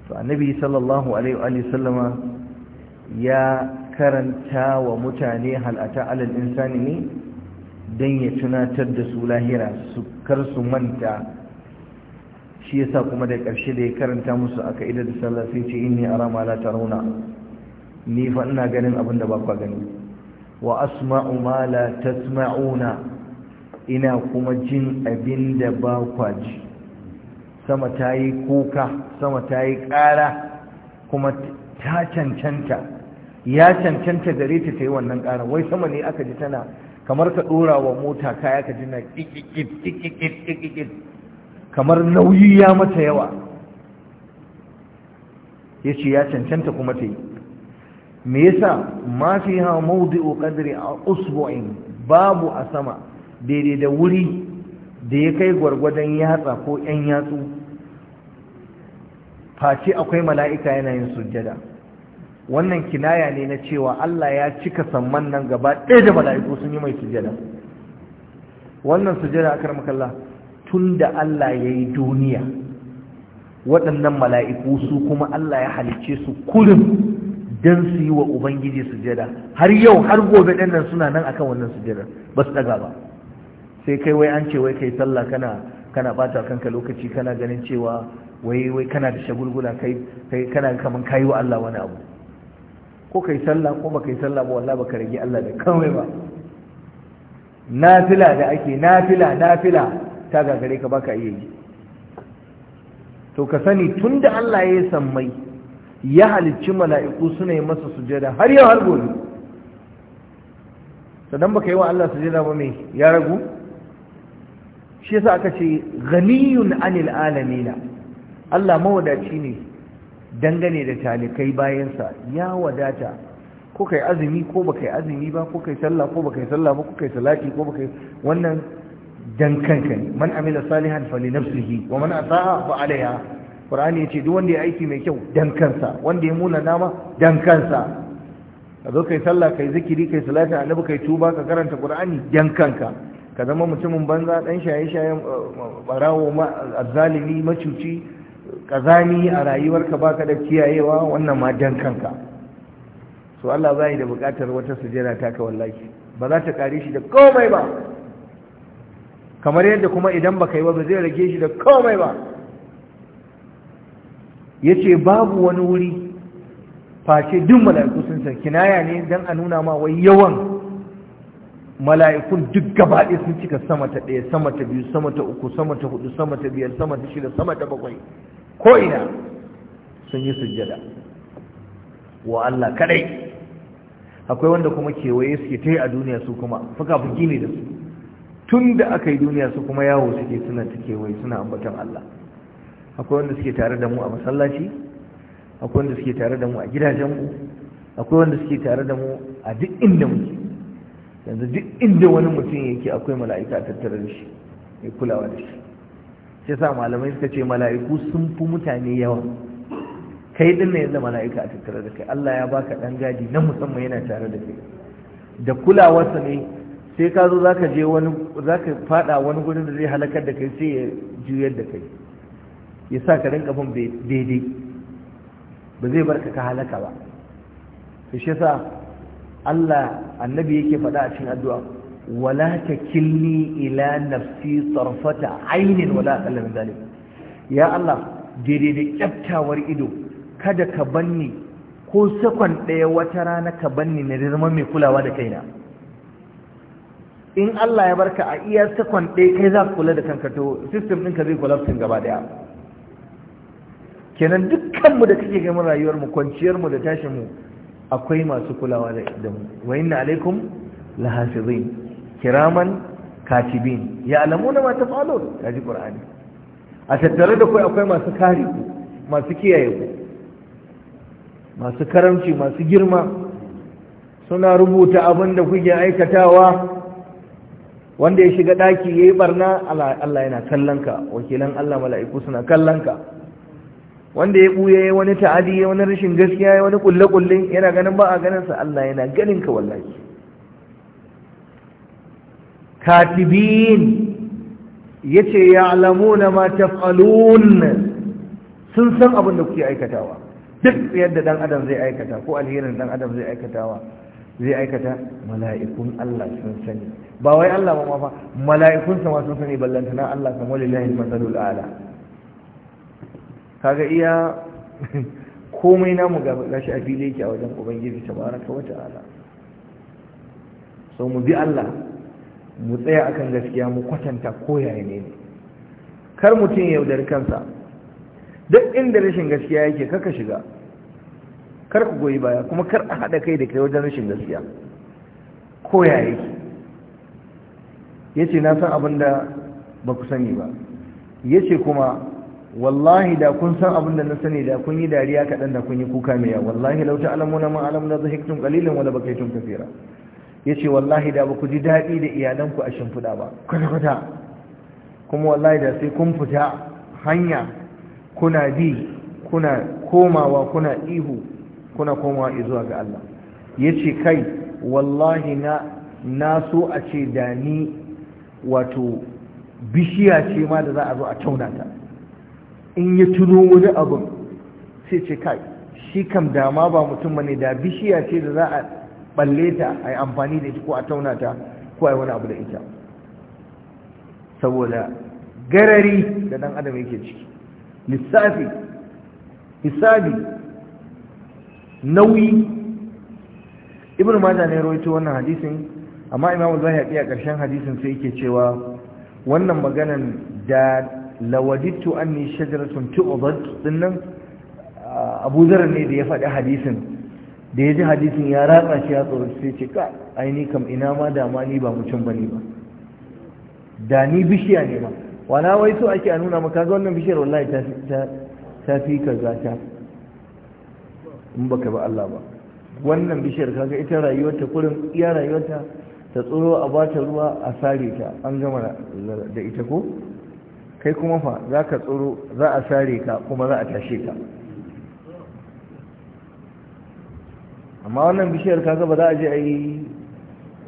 to annabi sallallahu alaihi wa sallama ya karanta wa mutane hal'ata alal insani ne don ya tunatar da su lahira su kar su manta shi yasa kuma da ƙarshe da ya karanta musu aka ida da sallah sai ce inni ara ma la tarawna ni fa ina ganin abin da ba ku gani wa asma'u ma la tasma'una ina kuma jin abin da ba kwa ji sama ta yi kuka sama ta yi ƙara kuma ta cancanta ya cancanta gare ta ta yi wannan ƙara wai sama ne aka ji tana kamar ka ɗora wa mota kaya ka ji na sama? daidai da wuri da ya kai gwargwadon yatsa ko 'yan yatsu face akwai mala'ika yanayin sujjada wannan kinaya ne na cewa Allah ya cika samman nan gaba ɗaya da mala'iku sun yi mai sujjada wannan sujjada a karmakalla tun da Allah ya yi duniya waɗannan mala'iku su kuma Allah ya halicce su kullum don su yi wa Ubangiji sujjada har yau har gobe ɗannan suna nan akan wannan sujjada ba su ɗaga ba sai kai wai an ce wai kai sallah kana kana bata kanka lokaci kana ganin cewa wai wai kana da shagulgula kai kai kana kaman kayi wa Allah wani abu ko kai sallah ko baka yi sallah ba wallahi baka rage Allah da kawai ba nafila da ake nafila nafila ta gagare ka baka iya yi to ka sani tunda Allah ya yi sammai ya halicci mala'iku suna yi masa sujada har yau har gobe sannan baka yi wa Allah sujada ba mai ya ragu shi yasa aka ce ghaniyun anil alamina Allah mawadaci ne dangane da talikai bayansa ya wadata ko kai azumi ko baka azumi ba ko kai sallah ko baka sallah ba ko kai salati ko baka wannan dankanka ne man amila salihan fali nafsihi wa man ata'a fa alaiha qur'ani yace duk wanda ya aiki mai kyau dankansa, wanda ya muna nama dankansa, kansa ka zo kai sallah kai zikiri kai salati annabi kai tuba ka karanta qur'ani dankanka. ka zama mutumin banza dan shaye-shaye barawo azzalimi macuci kazani a rayuwarka baka da kiyayewa wannan ma dan kanka so Allah bai da bukatar wata ta taka wallahi ba za ta kare shi da komai ba kamar yadda kuma idan baka yi ba ba zai rage shi da komai ba yace babu wani wuri face duk mala'iku sun san kinaya ne dan a nuna ma wai yawan mala'ikun duk gaba ɗaya sun cika sama ta ɗaya sama ta biyu sama ta uku sama ta hudu sama ta biyar sama ta shida sama ta bakwai ko ina sun yi sujjada wa Allah kadai akwai wanda kuma kewaye suke ta yi a duniya su kuma fuka-fuki ne da su tun da aka yi duniya su kuma yawo suke suna ta kewaye suna ambaton Allah akwai wanda suke tare da mu a masallaci akwai wanda suke tare da mu a gidajenmu akwai wanda suke tare da mu a duk inda muke yanzu duk inda wani mutum yake akwai mala'ika tattare da shi mai kulawa da shi shi sa malamai suka ce mala'iku sun fi mutane yawa kai din ne yadda mala'ika a tattare da kai Allah ya baka dan gadi na musamman yana tare da kai da kulawarsa ne sai ka zo zaka je wani zaka fada wani gurin da zai halakar da kai sai ya juyar da kai ya sa ka rinka bin daidai ba zai barka ka halaka ba shi yasa Allah annabi yake faɗa a cikin addu'a wala takilni ila nafsi tarfata ainin wala aqalla min zalik ya Allah daidai da kyaftawar ido kada ka banni ko sakon ɗaya wata rana ka banni na zama mai kulawa da kaina in Allah ya barka a iya sakon ɗaya kai za ka kula da kanka to system ɗinka zai collapse gaba ɗaya kenan dukkanmu da kake mu kwanciyar mu da mu akwai masu kulawa da mu wa inna alaikum lahafizin kiraman katibin alamuna ma taf'alun kaji qur'ani a tattare da kai akwai masu kare ku masu kiyaye ku masu karamci masu girma suna rubuta abin da kuke aikatawa wanda ya shiga daki yayi barna Allah yana kallon ka wakilan Allah mala'iku suna kallon ka wanda ya buye wani ta'adi ya wani rashin gaskiya ya wani kulle-kulle yana ganin ba a ganin sa Allah yana ganin ka wallahi katibin yace ya'lamuna ma taf'alun sun san abin da kuke aikatawa duk yadda dan adam zai aikata ko alherin dan adam zai aikatawa zai aikata mala'ikun Allah sun sani ba wai Allah ba ma fa mala'ikun sa ma sun sani ballantana Allah kamar lillahi masalul ala kaga iya komai namu ga gashi a fili yake a wajen ubangiji tabaraka wa ta'ala so mu bi Allah mu tsaya akan gaskiya mu kwatanta koyaye ne kar mutum yaudar kansa duk inda rashin gaskiya yake kaka shiga kar ku goyi baya kuma kar a haɗa kai da kai wajen rashin gaskiya koyaye yake ya ce na san abin da ba ku sani ba ya ce kuma wallahi da kun san abin da na sani da kun yi dariya kaɗan da kun yi kuka mai yawa wallahi lau ta'lamuna ma alamna dhahiktum qalilan wala bakaytum Ya ce wallahi da ba ku ji daɗi da iyalanku a shimfiɗa ba kwata kwata kuma wallahi da sai kun fita hanya kuna bi kuna komawa kuna ihu kuna komawa zuwa ga Allah yace kai wallahi na na so a ce da ni wato bishiya ce ma da za a zo a taunata. ta in ya tuno wani abin sai ce kai shi kam dama ba mutum bane da bishiya ce da za a balle ta a yi amfani da ita ko a tauna ta ko a yi wani abu da ita saboda garari da dan adam yake ciki lissafi hisabi nauyi ibn majah ne rawaito wannan hadisin amma imam zahiri a ƙarshen hadisin sai yake cewa wannan maganan da lawadittu anni shajaratun tu'bad dinnan Abu Dharr ne da ya faɗi hadisin da ya ji hadisin ya ratsa shi ya tsoro sai ce ka aini kam ina ma da ma ni ba mutum bane ba da ni bishiya ne ba wala wai so ake a nuna maka ga wannan bishiyar wallahi ta ta fi kaza ta in baka ba Allah ba wannan bishiyar kaga ita rayuwarta kurin iya rayuwarta ta tsoro a bata ruwa a sare ta an gama da ita ko kai kuma fa za ka tsoro za a sare ka kuma za a tashe ka amma wannan bishiyar kaga ba za a je a yi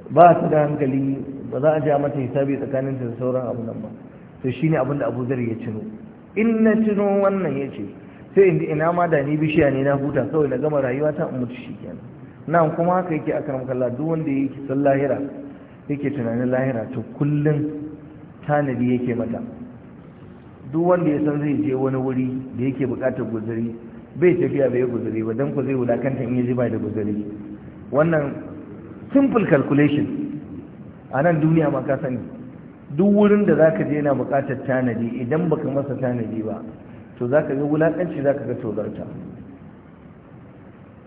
ba su da hankali ba za a je a mata hisabi tsakanin da sauran abu nan ba to shine abin da Abu zari ya cino in na cino wannan ya ce, sai in ina ma da ni bishiya ne na huta kawai na gama rayuwa ta mutu kenan nan kuma haka yake akram kallah duk wanda yake kisan lahira yake tunanin lahira to kullum tanadi yake mata duk wanda ya san zai je wani wuri da yake buƙatar guzuri bai tafiya bai guzuri ba don ku zai wulakanta in yaji bai da guzuri wannan simple calculation a nan duniya ma ka sani duk wurin da zaka je yana buƙatar tanadi idan baka masa tanadi ba to zaka ga wulakanci zaka ga tozarta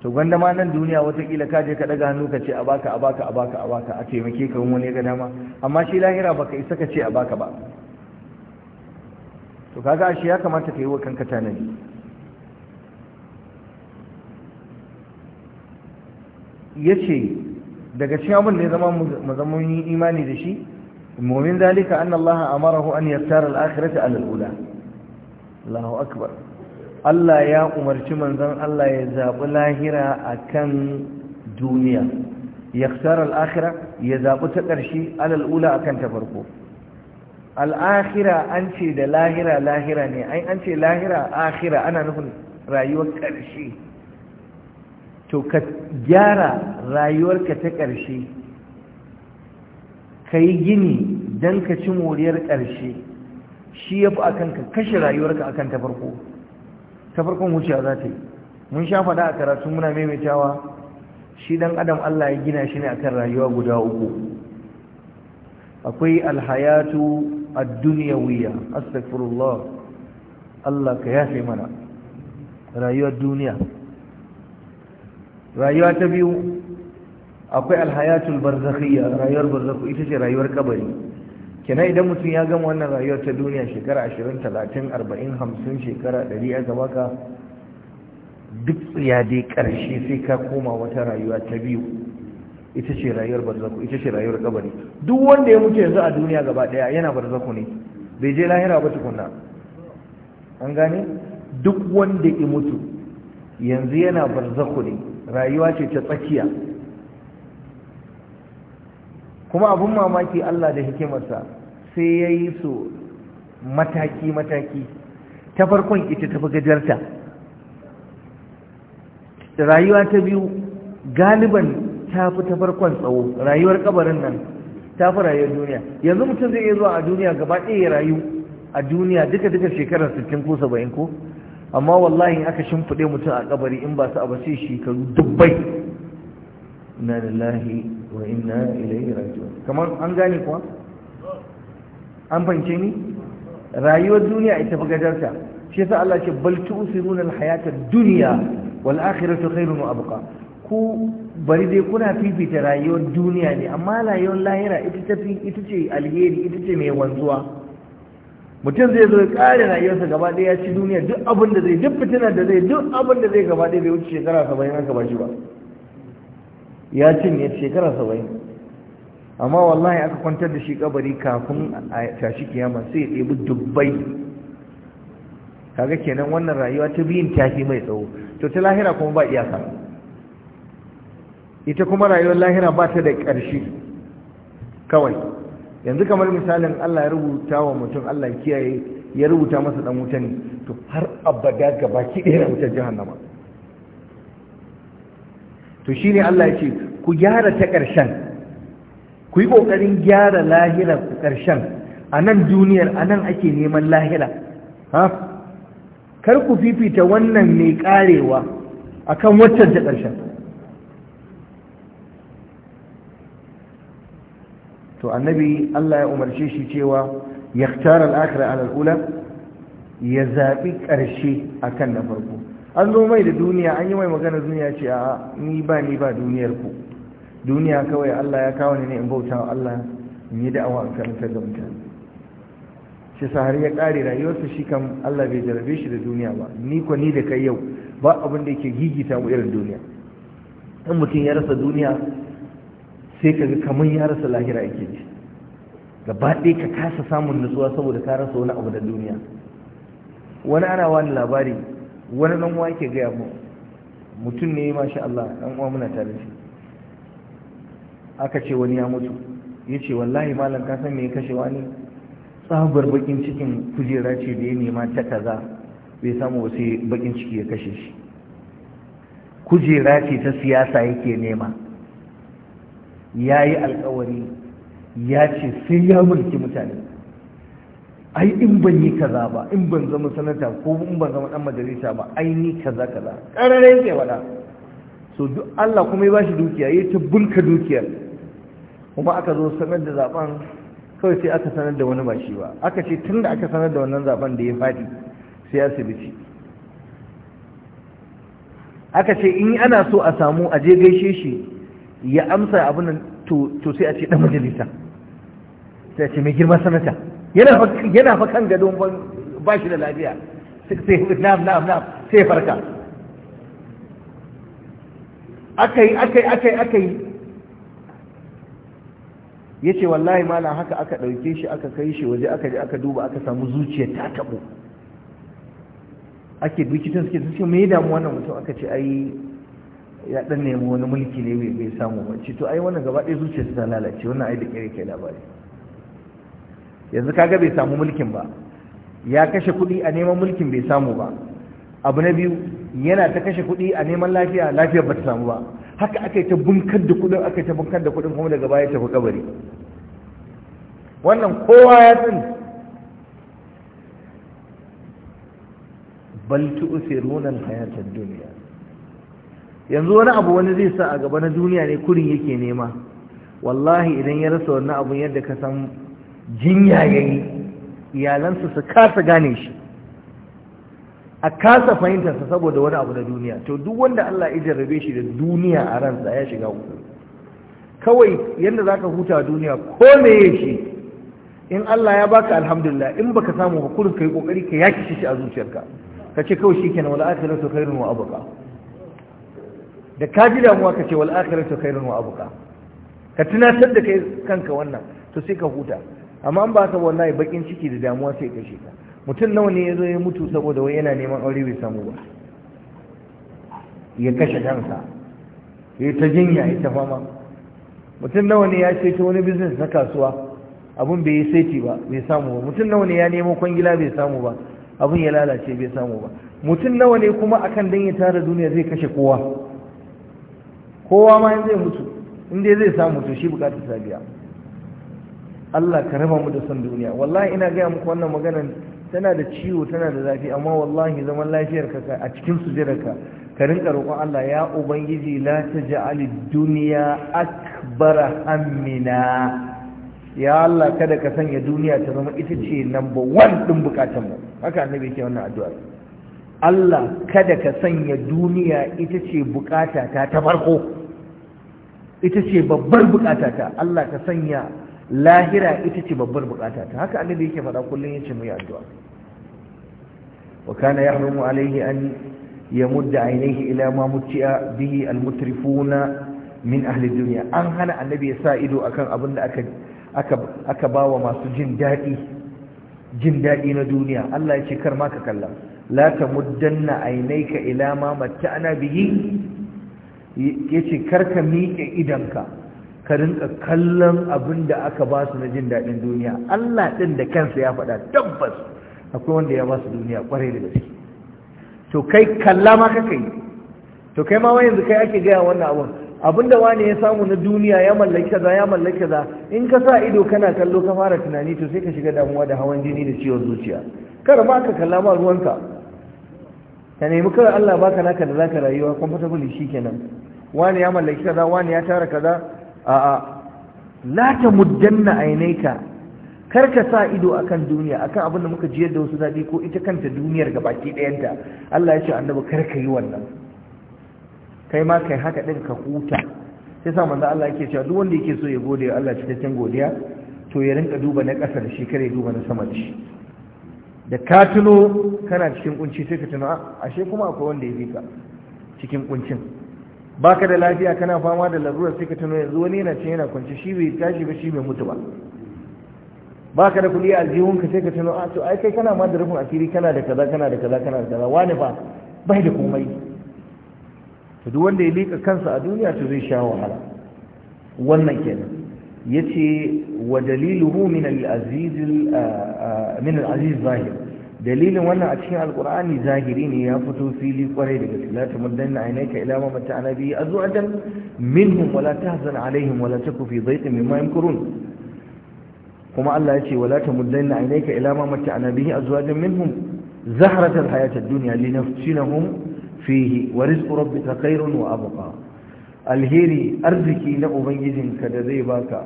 to gwanda ma nan duniya watakila ka je ka daga hannu ka ce a baka a baka a baka a baka a taimake ka wani ya ga dama amma shi lahira baka isa ka ce a baka ba to kaga ashe ya kamata ka yi wa kanka Yace ya ce daga cikin abin da ya zama mazamin imani da shi mumin dalika an Allah amarahu an yassara al-akhirata Allahu akbar Allah ya umarci manzon Allah ya zaɓi lahira akan duniya yassara tsara akhira ya zabi ta ƙarshe alal'ula akan ta farko al'akhira an ce da lahira lahira ne ai an ce lahira akhira ana nufin rayuwar ƙarshe to ka gyara rayuwarka ta ƙarshe ka yi gini don ka ci moriyar ƙarshe shi ya fi akan ka kashe rayuwarka akan ta farko ta farkon wucewa za ta yi mun sha faɗa a karatu muna maimaitawa shi ɗan adam Allah ya gina shi ne akan rayuwa guda uku akwai alhayatu ad-dunyawiyya astaghfirullah Allah ka yafe mana rayuwar duniya rayuwa ta biyu akwai alhayatul barzakhiyya rayuwar barzakhu ita ce rayuwar kabari kenan idan mutum ya gama wannan rayuwar ta duniya shekara 20 30 40 50 shekara 100 gaba ka duk ya dai karshe sai ka koma wata rayuwa ta biyu ita ce rayuwar barzaku ita ce rayuwar kabari duk wanda ya mutu yanzu a duniya gaba daya yana barzaku ne bai je lahira ba tukunna an gane duk wanda ya mutu yanzu yana barzaku ne rayuwa ce ta tsakiya kuma abun mamaki Allah da hikimarsa sai ya yi su mataki-mataki ta farkon ita tafi gajarta rayuwa ta biyu galiban ta fi ta farkon tsawo rayuwar kabarin nan ta fi rayuwar duniya yanzu mutum zai iya zuwa a duniya gaba ɗaya ya rayu a duniya duka duka shekarar sittin ko 70 ko amma wallahi in aka shimfiɗe mutum a kabari in ba su a bace shekaru dubbai inna lillahi wa inna ilai raji'un kamar an gane kuwa an fahimce ni rayuwar duniya ita fi gadarta shi yasa Allah ce bal tu'siruna al-hayata ad-dunya wal akhiratu khairun wa abqa ku bari dai kuna fifita rayuwar duniya ne amma rayuwar lahira ita ce alheri ita ce mai wanzuwa mutum zai zo ya kare rayuwarsa gaba ɗaya ya ci duniya duk abin da zai duk fitinar da zai duk abin da zai gaba ɗaya bai wuce shekara saba'in an gaba shi ba ya cinye shekara saba'in amma wallahi aka kwantar da shi kabari kafin a tashi kiyama sai ya ɗebi dubbai kaga kenan wannan rayuwa ta biyun tafi mai tsawo to ta lahira kuma ba iyaka ita kuma rayuwar lahira ba ta da ƙarshe kawai yanzu kamar misalin Allah ya rubuta wa mutum Allah kiyaye ya rubuta masa dan wuta ne to har abada gaba ki ɗaya wutar jahannama to shi ne Allah ya ce ku gyara ta ƙarshen ku yi ƙoƙarin gyara lahira ku ƙarshen a nan duniyar a nan ake neman lahira ha kar ku fifita wannan mai ƙarewa akan wancan ta ƙarshen to annabi Allah ya umarce shi cewa yaktar al-akhirah ala al-ula ya zabi karshe akan na farko an zo mai da duniya an yi mai magana duniya ce a ni ba ni ba duniyar ku duniya kawai Allah ya kawo ni ne in bauta wa Allah in yi da'awa in karanta da mutane shi har ya kare rayuwarsa shi kan Allah bai jarabe shi da duniya ba ni ko ni da kai yau ba abin da yake gigita mu irin duniya in mutum ya rasa duniya sai ka ga kamar ya rasa lahira yake ji gaba ɗaya ka kasa samun nutsuwa saboda ka rasa wani abu da duniya wani ana wani labari wani ɗan uwa ke gaya mu mutum ne masha Allah ɗan uwa muna tare shi aka ce wani ya mutu ya ce wallahi malam ka san me ya kashe wani tsabar bakin cikin kujera ce da ya nema ta kaza bai samu wasu bakin ciki ya kashe shi kujera ce ta siyasa yake nema ya yi alkawari ya ce sai ya mulki mutane ai in ban yi kaza ba in ban zama sanata ko in ban zama dan majalisa ba ai ni kaza kaza ƙarar ke faɗa so duk Allah kuma ya bashi dukiya ya ta bulka kuma aka zo sanar da zaben kawai sai aka sanar da wani bashi ba aka ce tun da aka sanar da wannan zaben da ya faɗi sai ya asibiti aka ce in ana so a samu a je gaishe shi ya amsa abin nan to sai a ce dan majalisa sai a ce mai girma sanata yana fa kan gado ba shi da lafiya sai na'am na'am na'am sai farka akai akai akai akai yace wallahi malam haka aka dauke shi aka kai shi waje aka je aka duba aka samu zuciya ta tabo ake likitan suke sun ce damuwa nan wannan mutum aka ce ai ya dan nemi wani mulki ne bai samu ba ce to ai wannan gaba ɗaya zuciya ta lalace wannan ai da kire ke labari yanzu kaga bai samu mulkin ba ya kashe kuɗi a neman mulkin bai samu ba abu na biyu yana ta kashe kuɗi a neman lafiya lafiyar ba ta samu ba haka aka yi ta bunkar da kuɗin aka yi ta bunkar da kuɗin kuma daga baya tafi kabari wannan kowa ya san bal tu'siruna al-hayata ad-dunya yanzu wani abu wani zai sa a gaba na duniya ne kurin yake nema wallahi idan ya rasa wannan abu yadda ka san jinya yayi iyalansa su kasa gane shi a kasa fahimtarsa saboda wani abu na duniya to duk wanda Allah ya jarrabe shi da duniya a ransa ya shiga uku kawai yadda za ka huta duniya ko ya shi in Allah ya baka alhamdulillah in baka samu ka yi kokari ka yaki shi a zuciyarka Ka ce kawai shikenan wal akhiratu khairun wa abqa da ka ji damuwa ka ce wal ta khairun wa abuka, ka tunatar da kai kanka wannan to sai ka huta amma an ba ka wallahi bakin ciki da damuwa sai ka sheka mutum nawa ne ya zo ya mutu saboda wai yana neman aure bai samu ba ya kashe kansa ya ta jinya ya ta fama mutum nawa ne ya ce ta wani business na kasuwa abun bai yi saiti ba bai samu ba mutum nawa ne ya nemo kwangila bai samu ba abun ya lalace bai samu ba mutum nawa ne kuma akan dan ya tara duniya zai kashe kowa kowa ma in zai mutu in dai zai samu to shi bukatar sabiya biya Allah ka raba mu da son duniya wallahi ina gaya muku wannan maganar tana da ciwo tana da zafi amma wallahi zaman lafiyar ka a cikin sujudarka ka rinka roƙon Allah ya ubangiji la taj'al ad-dunya akbar hammina ya Allah kada ka sanya duniya ta zama ita ce number 1 din bukatun mu haka annabi yake wannan addu'a Allah kada ka sanya duniya ita ce bukata ta ta farko ita ce babbar bukata ta Allah ka sanya lahira ita ce babbar bukatata ta haka annabi yake faɗa kullun yace mu yi addu'a wa kana yahrumu alayhi an yamudda aynayhi ila ma mutiya bihi almutrifuna min ahli dunya an hana annabi ya sa ido akan abin da aka aka aka bawa masu jin daɗi jin na duniya Allah ya ce kar ma ka kalla la tamuddanna aynayka ila ma matta'na bihi ya ce karka miƙe idanka ka rinka kallon abin da aka ba su na jin daɗin duniya Allah ɗin da kansa ya faɗa tabbas akwai wanda ya ba su duniya ƙwarai da gaske to kai kalla ma kaka yi to kai ma wani yanzu kai ake gaya wannan abun da wani ya samu na duniya ya mallaki kaza ya mallaki kaza in ka sa ido kana kallo ka fara tunani to sai ka shiga damuwa da hawan jini da ciwon zuciya kar ma ka kalla ma ruwanka ka nemi kawai Allah baka naka da zaka rayuwa comfortable kenan wani ya mallaki kaza wani ya tara kaza a a la ta muddanna ainaika kar ka sa ido akan duniya akan abin da muka ji da wasu dadi ko ita kanta duniyar ga baki ɗayanta Allah ya ce annabi kar ka yi wannan kai ma kai haka din ka huta sai sa manzo Allah yake cewa duk wanda yake so ya gode wa Allah cikakken godiya to ya rinka duba na ƙasa da shi kare duba na sama da shi da ka tuno kana cikin kunci sai ka tuno ah, ashe kuma akwai wanda ya bi ka cikin kuncin baka da lafiya kana fama da larura sai ka tuno yanzu wani yana cin yana kwanci shi bai tashi ba shi bai mutu ba baka da kuɗi a ka sai ka tuno a ah, to ai kai kana ma da rufin asiri kana da kaza kana da kaza kana da kaza wani ba bai da komai to duk wanda ya lika kansa a duniya to zai sha wahala wannan kenan yace ودليله من العزيز من العزيز ظاهر دليل وانا اتشين القرآن ظاهرين يافتوا في لي قريب لا تمدن عينيك إلى ما متعنا به أزواجا منهم ولا تهزن عليهم ولا تك في ضيق مما يمكرون كما الله يتي ولا تمدن عينيك إلى ما متعنا به أزواجا منهم زهرة الحياة الدنيا لنفتنهم فيه ورزق ربك خير وأبقى alheri arziki na ubangijinka da zai baka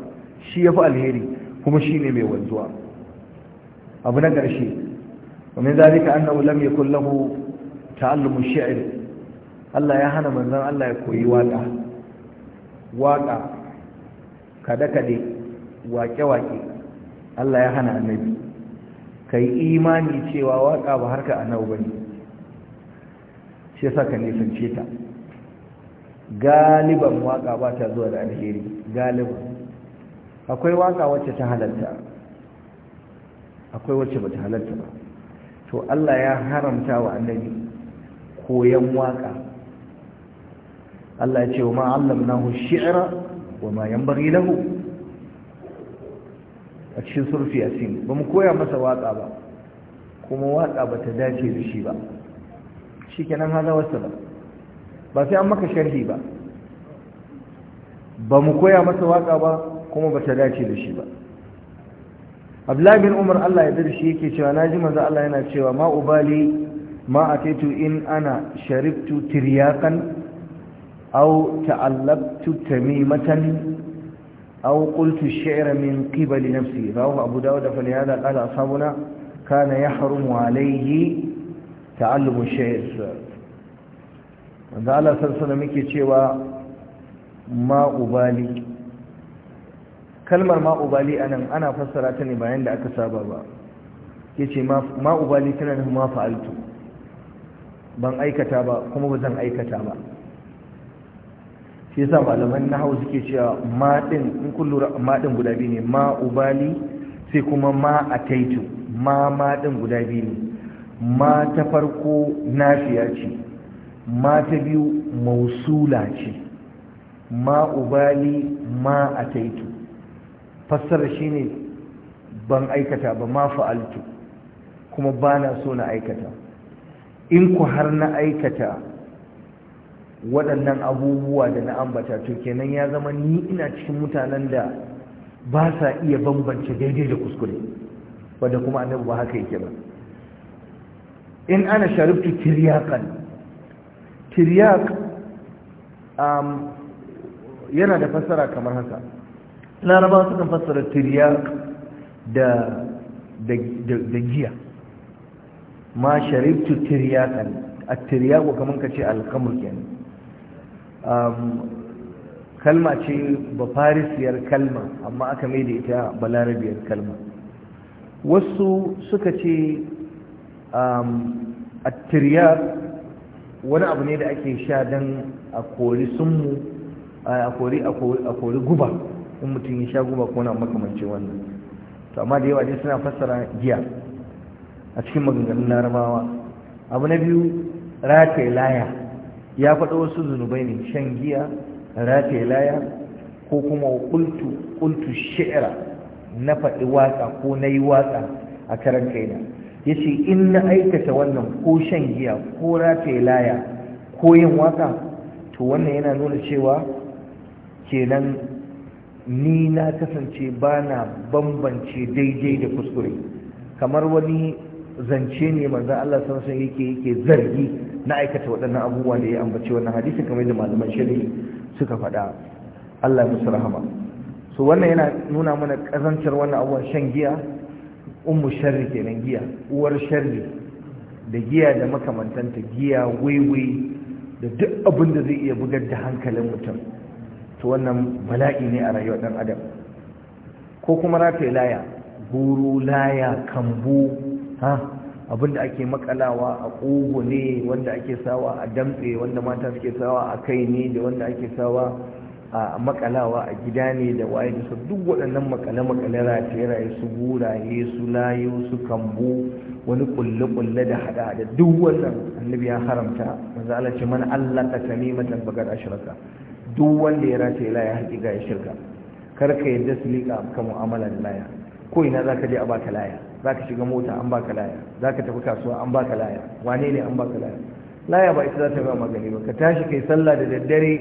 shi ya fi alheri kuma shi ne mai wanzuwa abu na ƙarshe ومن an أنه لم kullum له تعلم sha'ir Allah ya hana manzan Allah ya koyi waƙa waƙa kada-kade waƙe-waƙe Allah ya hana annabi ka yi imani cewa waƙa ba harka a nau ba ne shi sa ka nisance ta galiban waƙa ba ta zuwa da alheri galiban akwai waka wacce ta halatta akwai wacce ba ta halatta ba to Allah ya haramta wa annabi koyan waka Allah ya ce wa ma'allamnahu shi'ra wa ma yanbaghi lahu a cikin surfi yasin ba mu koya masa waka ba kuma waka ba ta dace da shi ba shikenan haza wasa ba ba sai an maka sharhi ba ba mu koya masa waka ba kuma ba ta dace da shi ba abdullahi bin umar allah ya da shi yake cewa na ji maza allah yana cewa ma ubali ma ataitu in ana sharibtu tiryakan aw ta'allabtu tamimatan aw qultu shi'ra min qibali nafsi rawahu abu dawud fa lihada qala ashabuna kana yahrumu alayhi ta'allumu shi'r wanda allah sarsana muke cewa ma ubali kalmar ma'ubali a nan ana fassara ta ne bayan da aka saba ba ya ce ma'ubali tana da ma fa'altu ban aikata ba kuma ba zan aikata ba shi yasa malaman na hau suke cewa maɗin in maɗin guda biyu ne ma'ubali sai kuma ma a taitu ma maɗin guda biyu ne ma ta farko nafiya ce ma ta biyu mausula ce Ma'ubali, ubali ma a taitu fassara ne ban aikata ba ma fa'altu kuma ba na so na aikata in ku har na aikata waɗannan abubuwa da na ambata to kenan ya zama ni ina cikin mutanen da ba sa iya bambance daidai da kuskure wadda kuma annabu ba haka yake ba in ana sharibtu tiryaqan tiryaq um, yana da fassara kamar haka laraba sukan fassara tiriyak da da giya ma sharibtu kan. a ko kamar ka ce alkamur kenan um, kalma ce ba farisiyar kalma amma aka mai da ita balarabiyar kalma wasu suka ce um, attiriyar wani abu ne da ake sha don a kori sunmu a kori guba in mutum ya sha guba ko na makamancin wannan to amma da yawa dai suna fassara giya a cikin maganganun larabawa abu na biyu rataye laya ya faɗo wasu zunubai ne shan giya rataye laya ko kuma kultu kultu na faɗi waƙa ko na yi waƙa a karan kaina ya ce in na aikata wannan ko shan giya ko rataye laya ko yin waƙa to wannan yana nuna cewa kenan ni na kasance ba na bambance daidai da kuskure kamar wani zance ne manzan Allah sansan yake yake zargi na aikata waɗannan abubuwa da ya ambaci wannan hadisi kamar da malaman shari'i suka faɗa Allah musu rahama so wannan yana nuna mana kazancar wannan abubuwan shan giya ummu sharri kenan giya uwar sharri da giya da makamantanta giya waiwai da duk abin da zai iya bugar da hankalin mutum to wannan bala'i ne a rayuwar ɗan adam ko kuma rataye laya guru laya kambu ha abinda ake makalawa a ƙugu ne wanda ake sawa a damtse wanda mata suke sawa a kai ne da wanda ake sawa a makalawa a gida ne da waye da su duk waɗannan makale-makale rataye su guraye su layo su kambu wani kulle-kulle da hada da duk wannan annabi ya haramta manzo Allah ce man Allah ta tamimatan bagar ashraka duk wanda ya rataye laya hakika ya shirka karka ka yadda su liƙa ka mu'amala da laya ko ina za ka je a baka laya za ka shiga mota an baka laya za ka tafi kasuwa an baka laya wane ne an baka laya laya ba ita za ta ba magani ba ka tashi kai sallah da daddare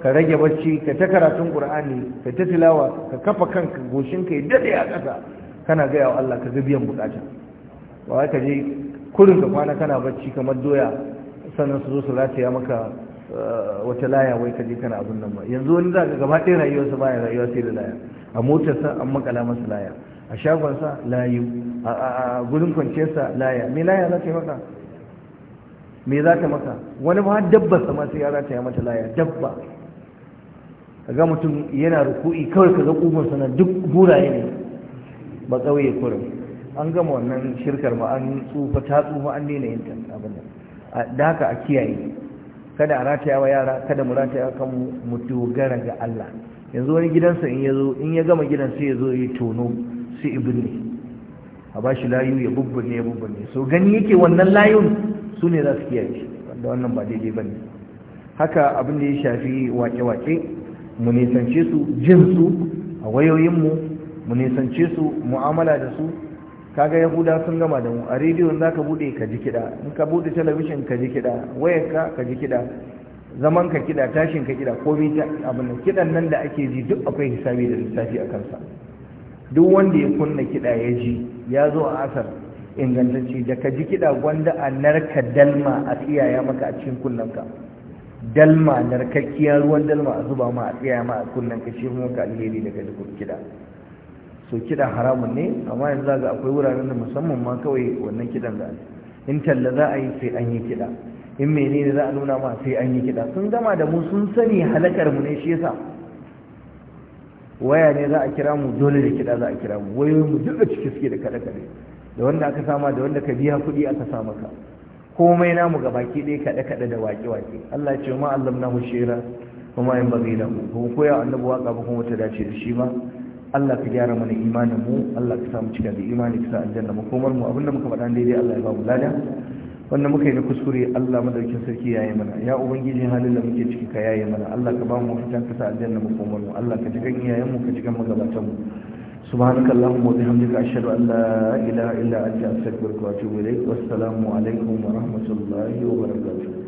ka rage bacci ka ta karatun qur'ani ka ta tilawa ka kafa kanka goshin ka dade a ƙasa kana gaya wa Allah ka ga biyan bukata ba ka je kurin ka kwana kana bacci kamar doya sannan su zo su rataya maka wata laya wai ka je kana abun nan ba yanzu wani za ka gaba ɗaya rayuwarsa baya rayuwa sai da laya a motarsa an makala masa laya a shagonsa layu a gurin kwanciyarsa laya me laya za ta yi maka me za ta maka wani ba dabba sama sai ya za ta yi mata laya dabba ga mutum yana ruku'i kawai ka ga kugun sana duk buraye ne ba ƙauye kurin an gama wannan shirkar ma an tsufa ta tsufa an daina yin ta abin da haka a kiyaye kada a rataya wa yara kada mu rataya kan mu dogara ga Allah yanzu wani gidansa in yazo in ya gama gidan sai ya zo ya tono sai ibni a ba shi layu ya bubbune ya bubbune so gani yake wannan layun su ne za su kiyaye wanda wannan ba daidai ba ne haka abin da ya shafi wake-wake mu nisance su jin su a wayoyinmu mu nisance su mu'amala da su kaga yahuda sun gama da mu a rediyon za ka bude ka ji kiɗa in ka bude talabishin ka ji kiɗa wayarka ka ji kiɗa zaman ka kiɗa tashin ka kiɗa komai abin da kiɗan nan da ake ji duk akwai hisabi da lissafi a kansa duk wanda ya kunna kiɗa ya ji ya zo a asar ingantacce da ka ji kiɗa gwanda a narka dalma a tsiyaya maka a cikin kunnanka dalma narkakkiyar ruwan dalma a zuba ma a tsiyaya ma a ka shi kuma ka alheri daga duk kida kiɗa so kiɗa haramun ne amma yanzu ga akwai wuraren da musamman ma kawai wannan kiɗan da in talla za a yi sai an yi kiɗa in menene za a nuna ma sai an yi kiɗa sun gama da mu sun sani halakar mu ne shi yasa waya ne za a kira mu dole da kiɗa za a kira mu wayoyin mu duk da ciki suke da kaɗe kaɗe da wanda aka sama da wanda ka biya kuɗi aka sa maka komai namu ga baki ɗaya kaɗe kaɗe da waƙe waƙe Allah ce ma Allah na mu shira kuma in ba zai da mu ko koya annabi waka ba kuma ta dace da shi ba Allah ka gyara mana imanin mu Allah ka samu cika da imani ka sa aljanna mu komar mu abinda muka faɗa daidai Allah ya ba mu lada wannan muka yi na kuskure Allah madaukin sarki yayi mana ya ubangiji halin da muke ciki ka yayi mana Allah ka ba mu mafita ka sa aljanna mu komar mu Allah ka jigan iyayen mu ka jigan magabatan mu سبحانك اللهم وبحمدك أشهد أن لا إله إلا أنت أستغفرك وأتوب إليك والسلام عليكم ورحمة الله وبركاته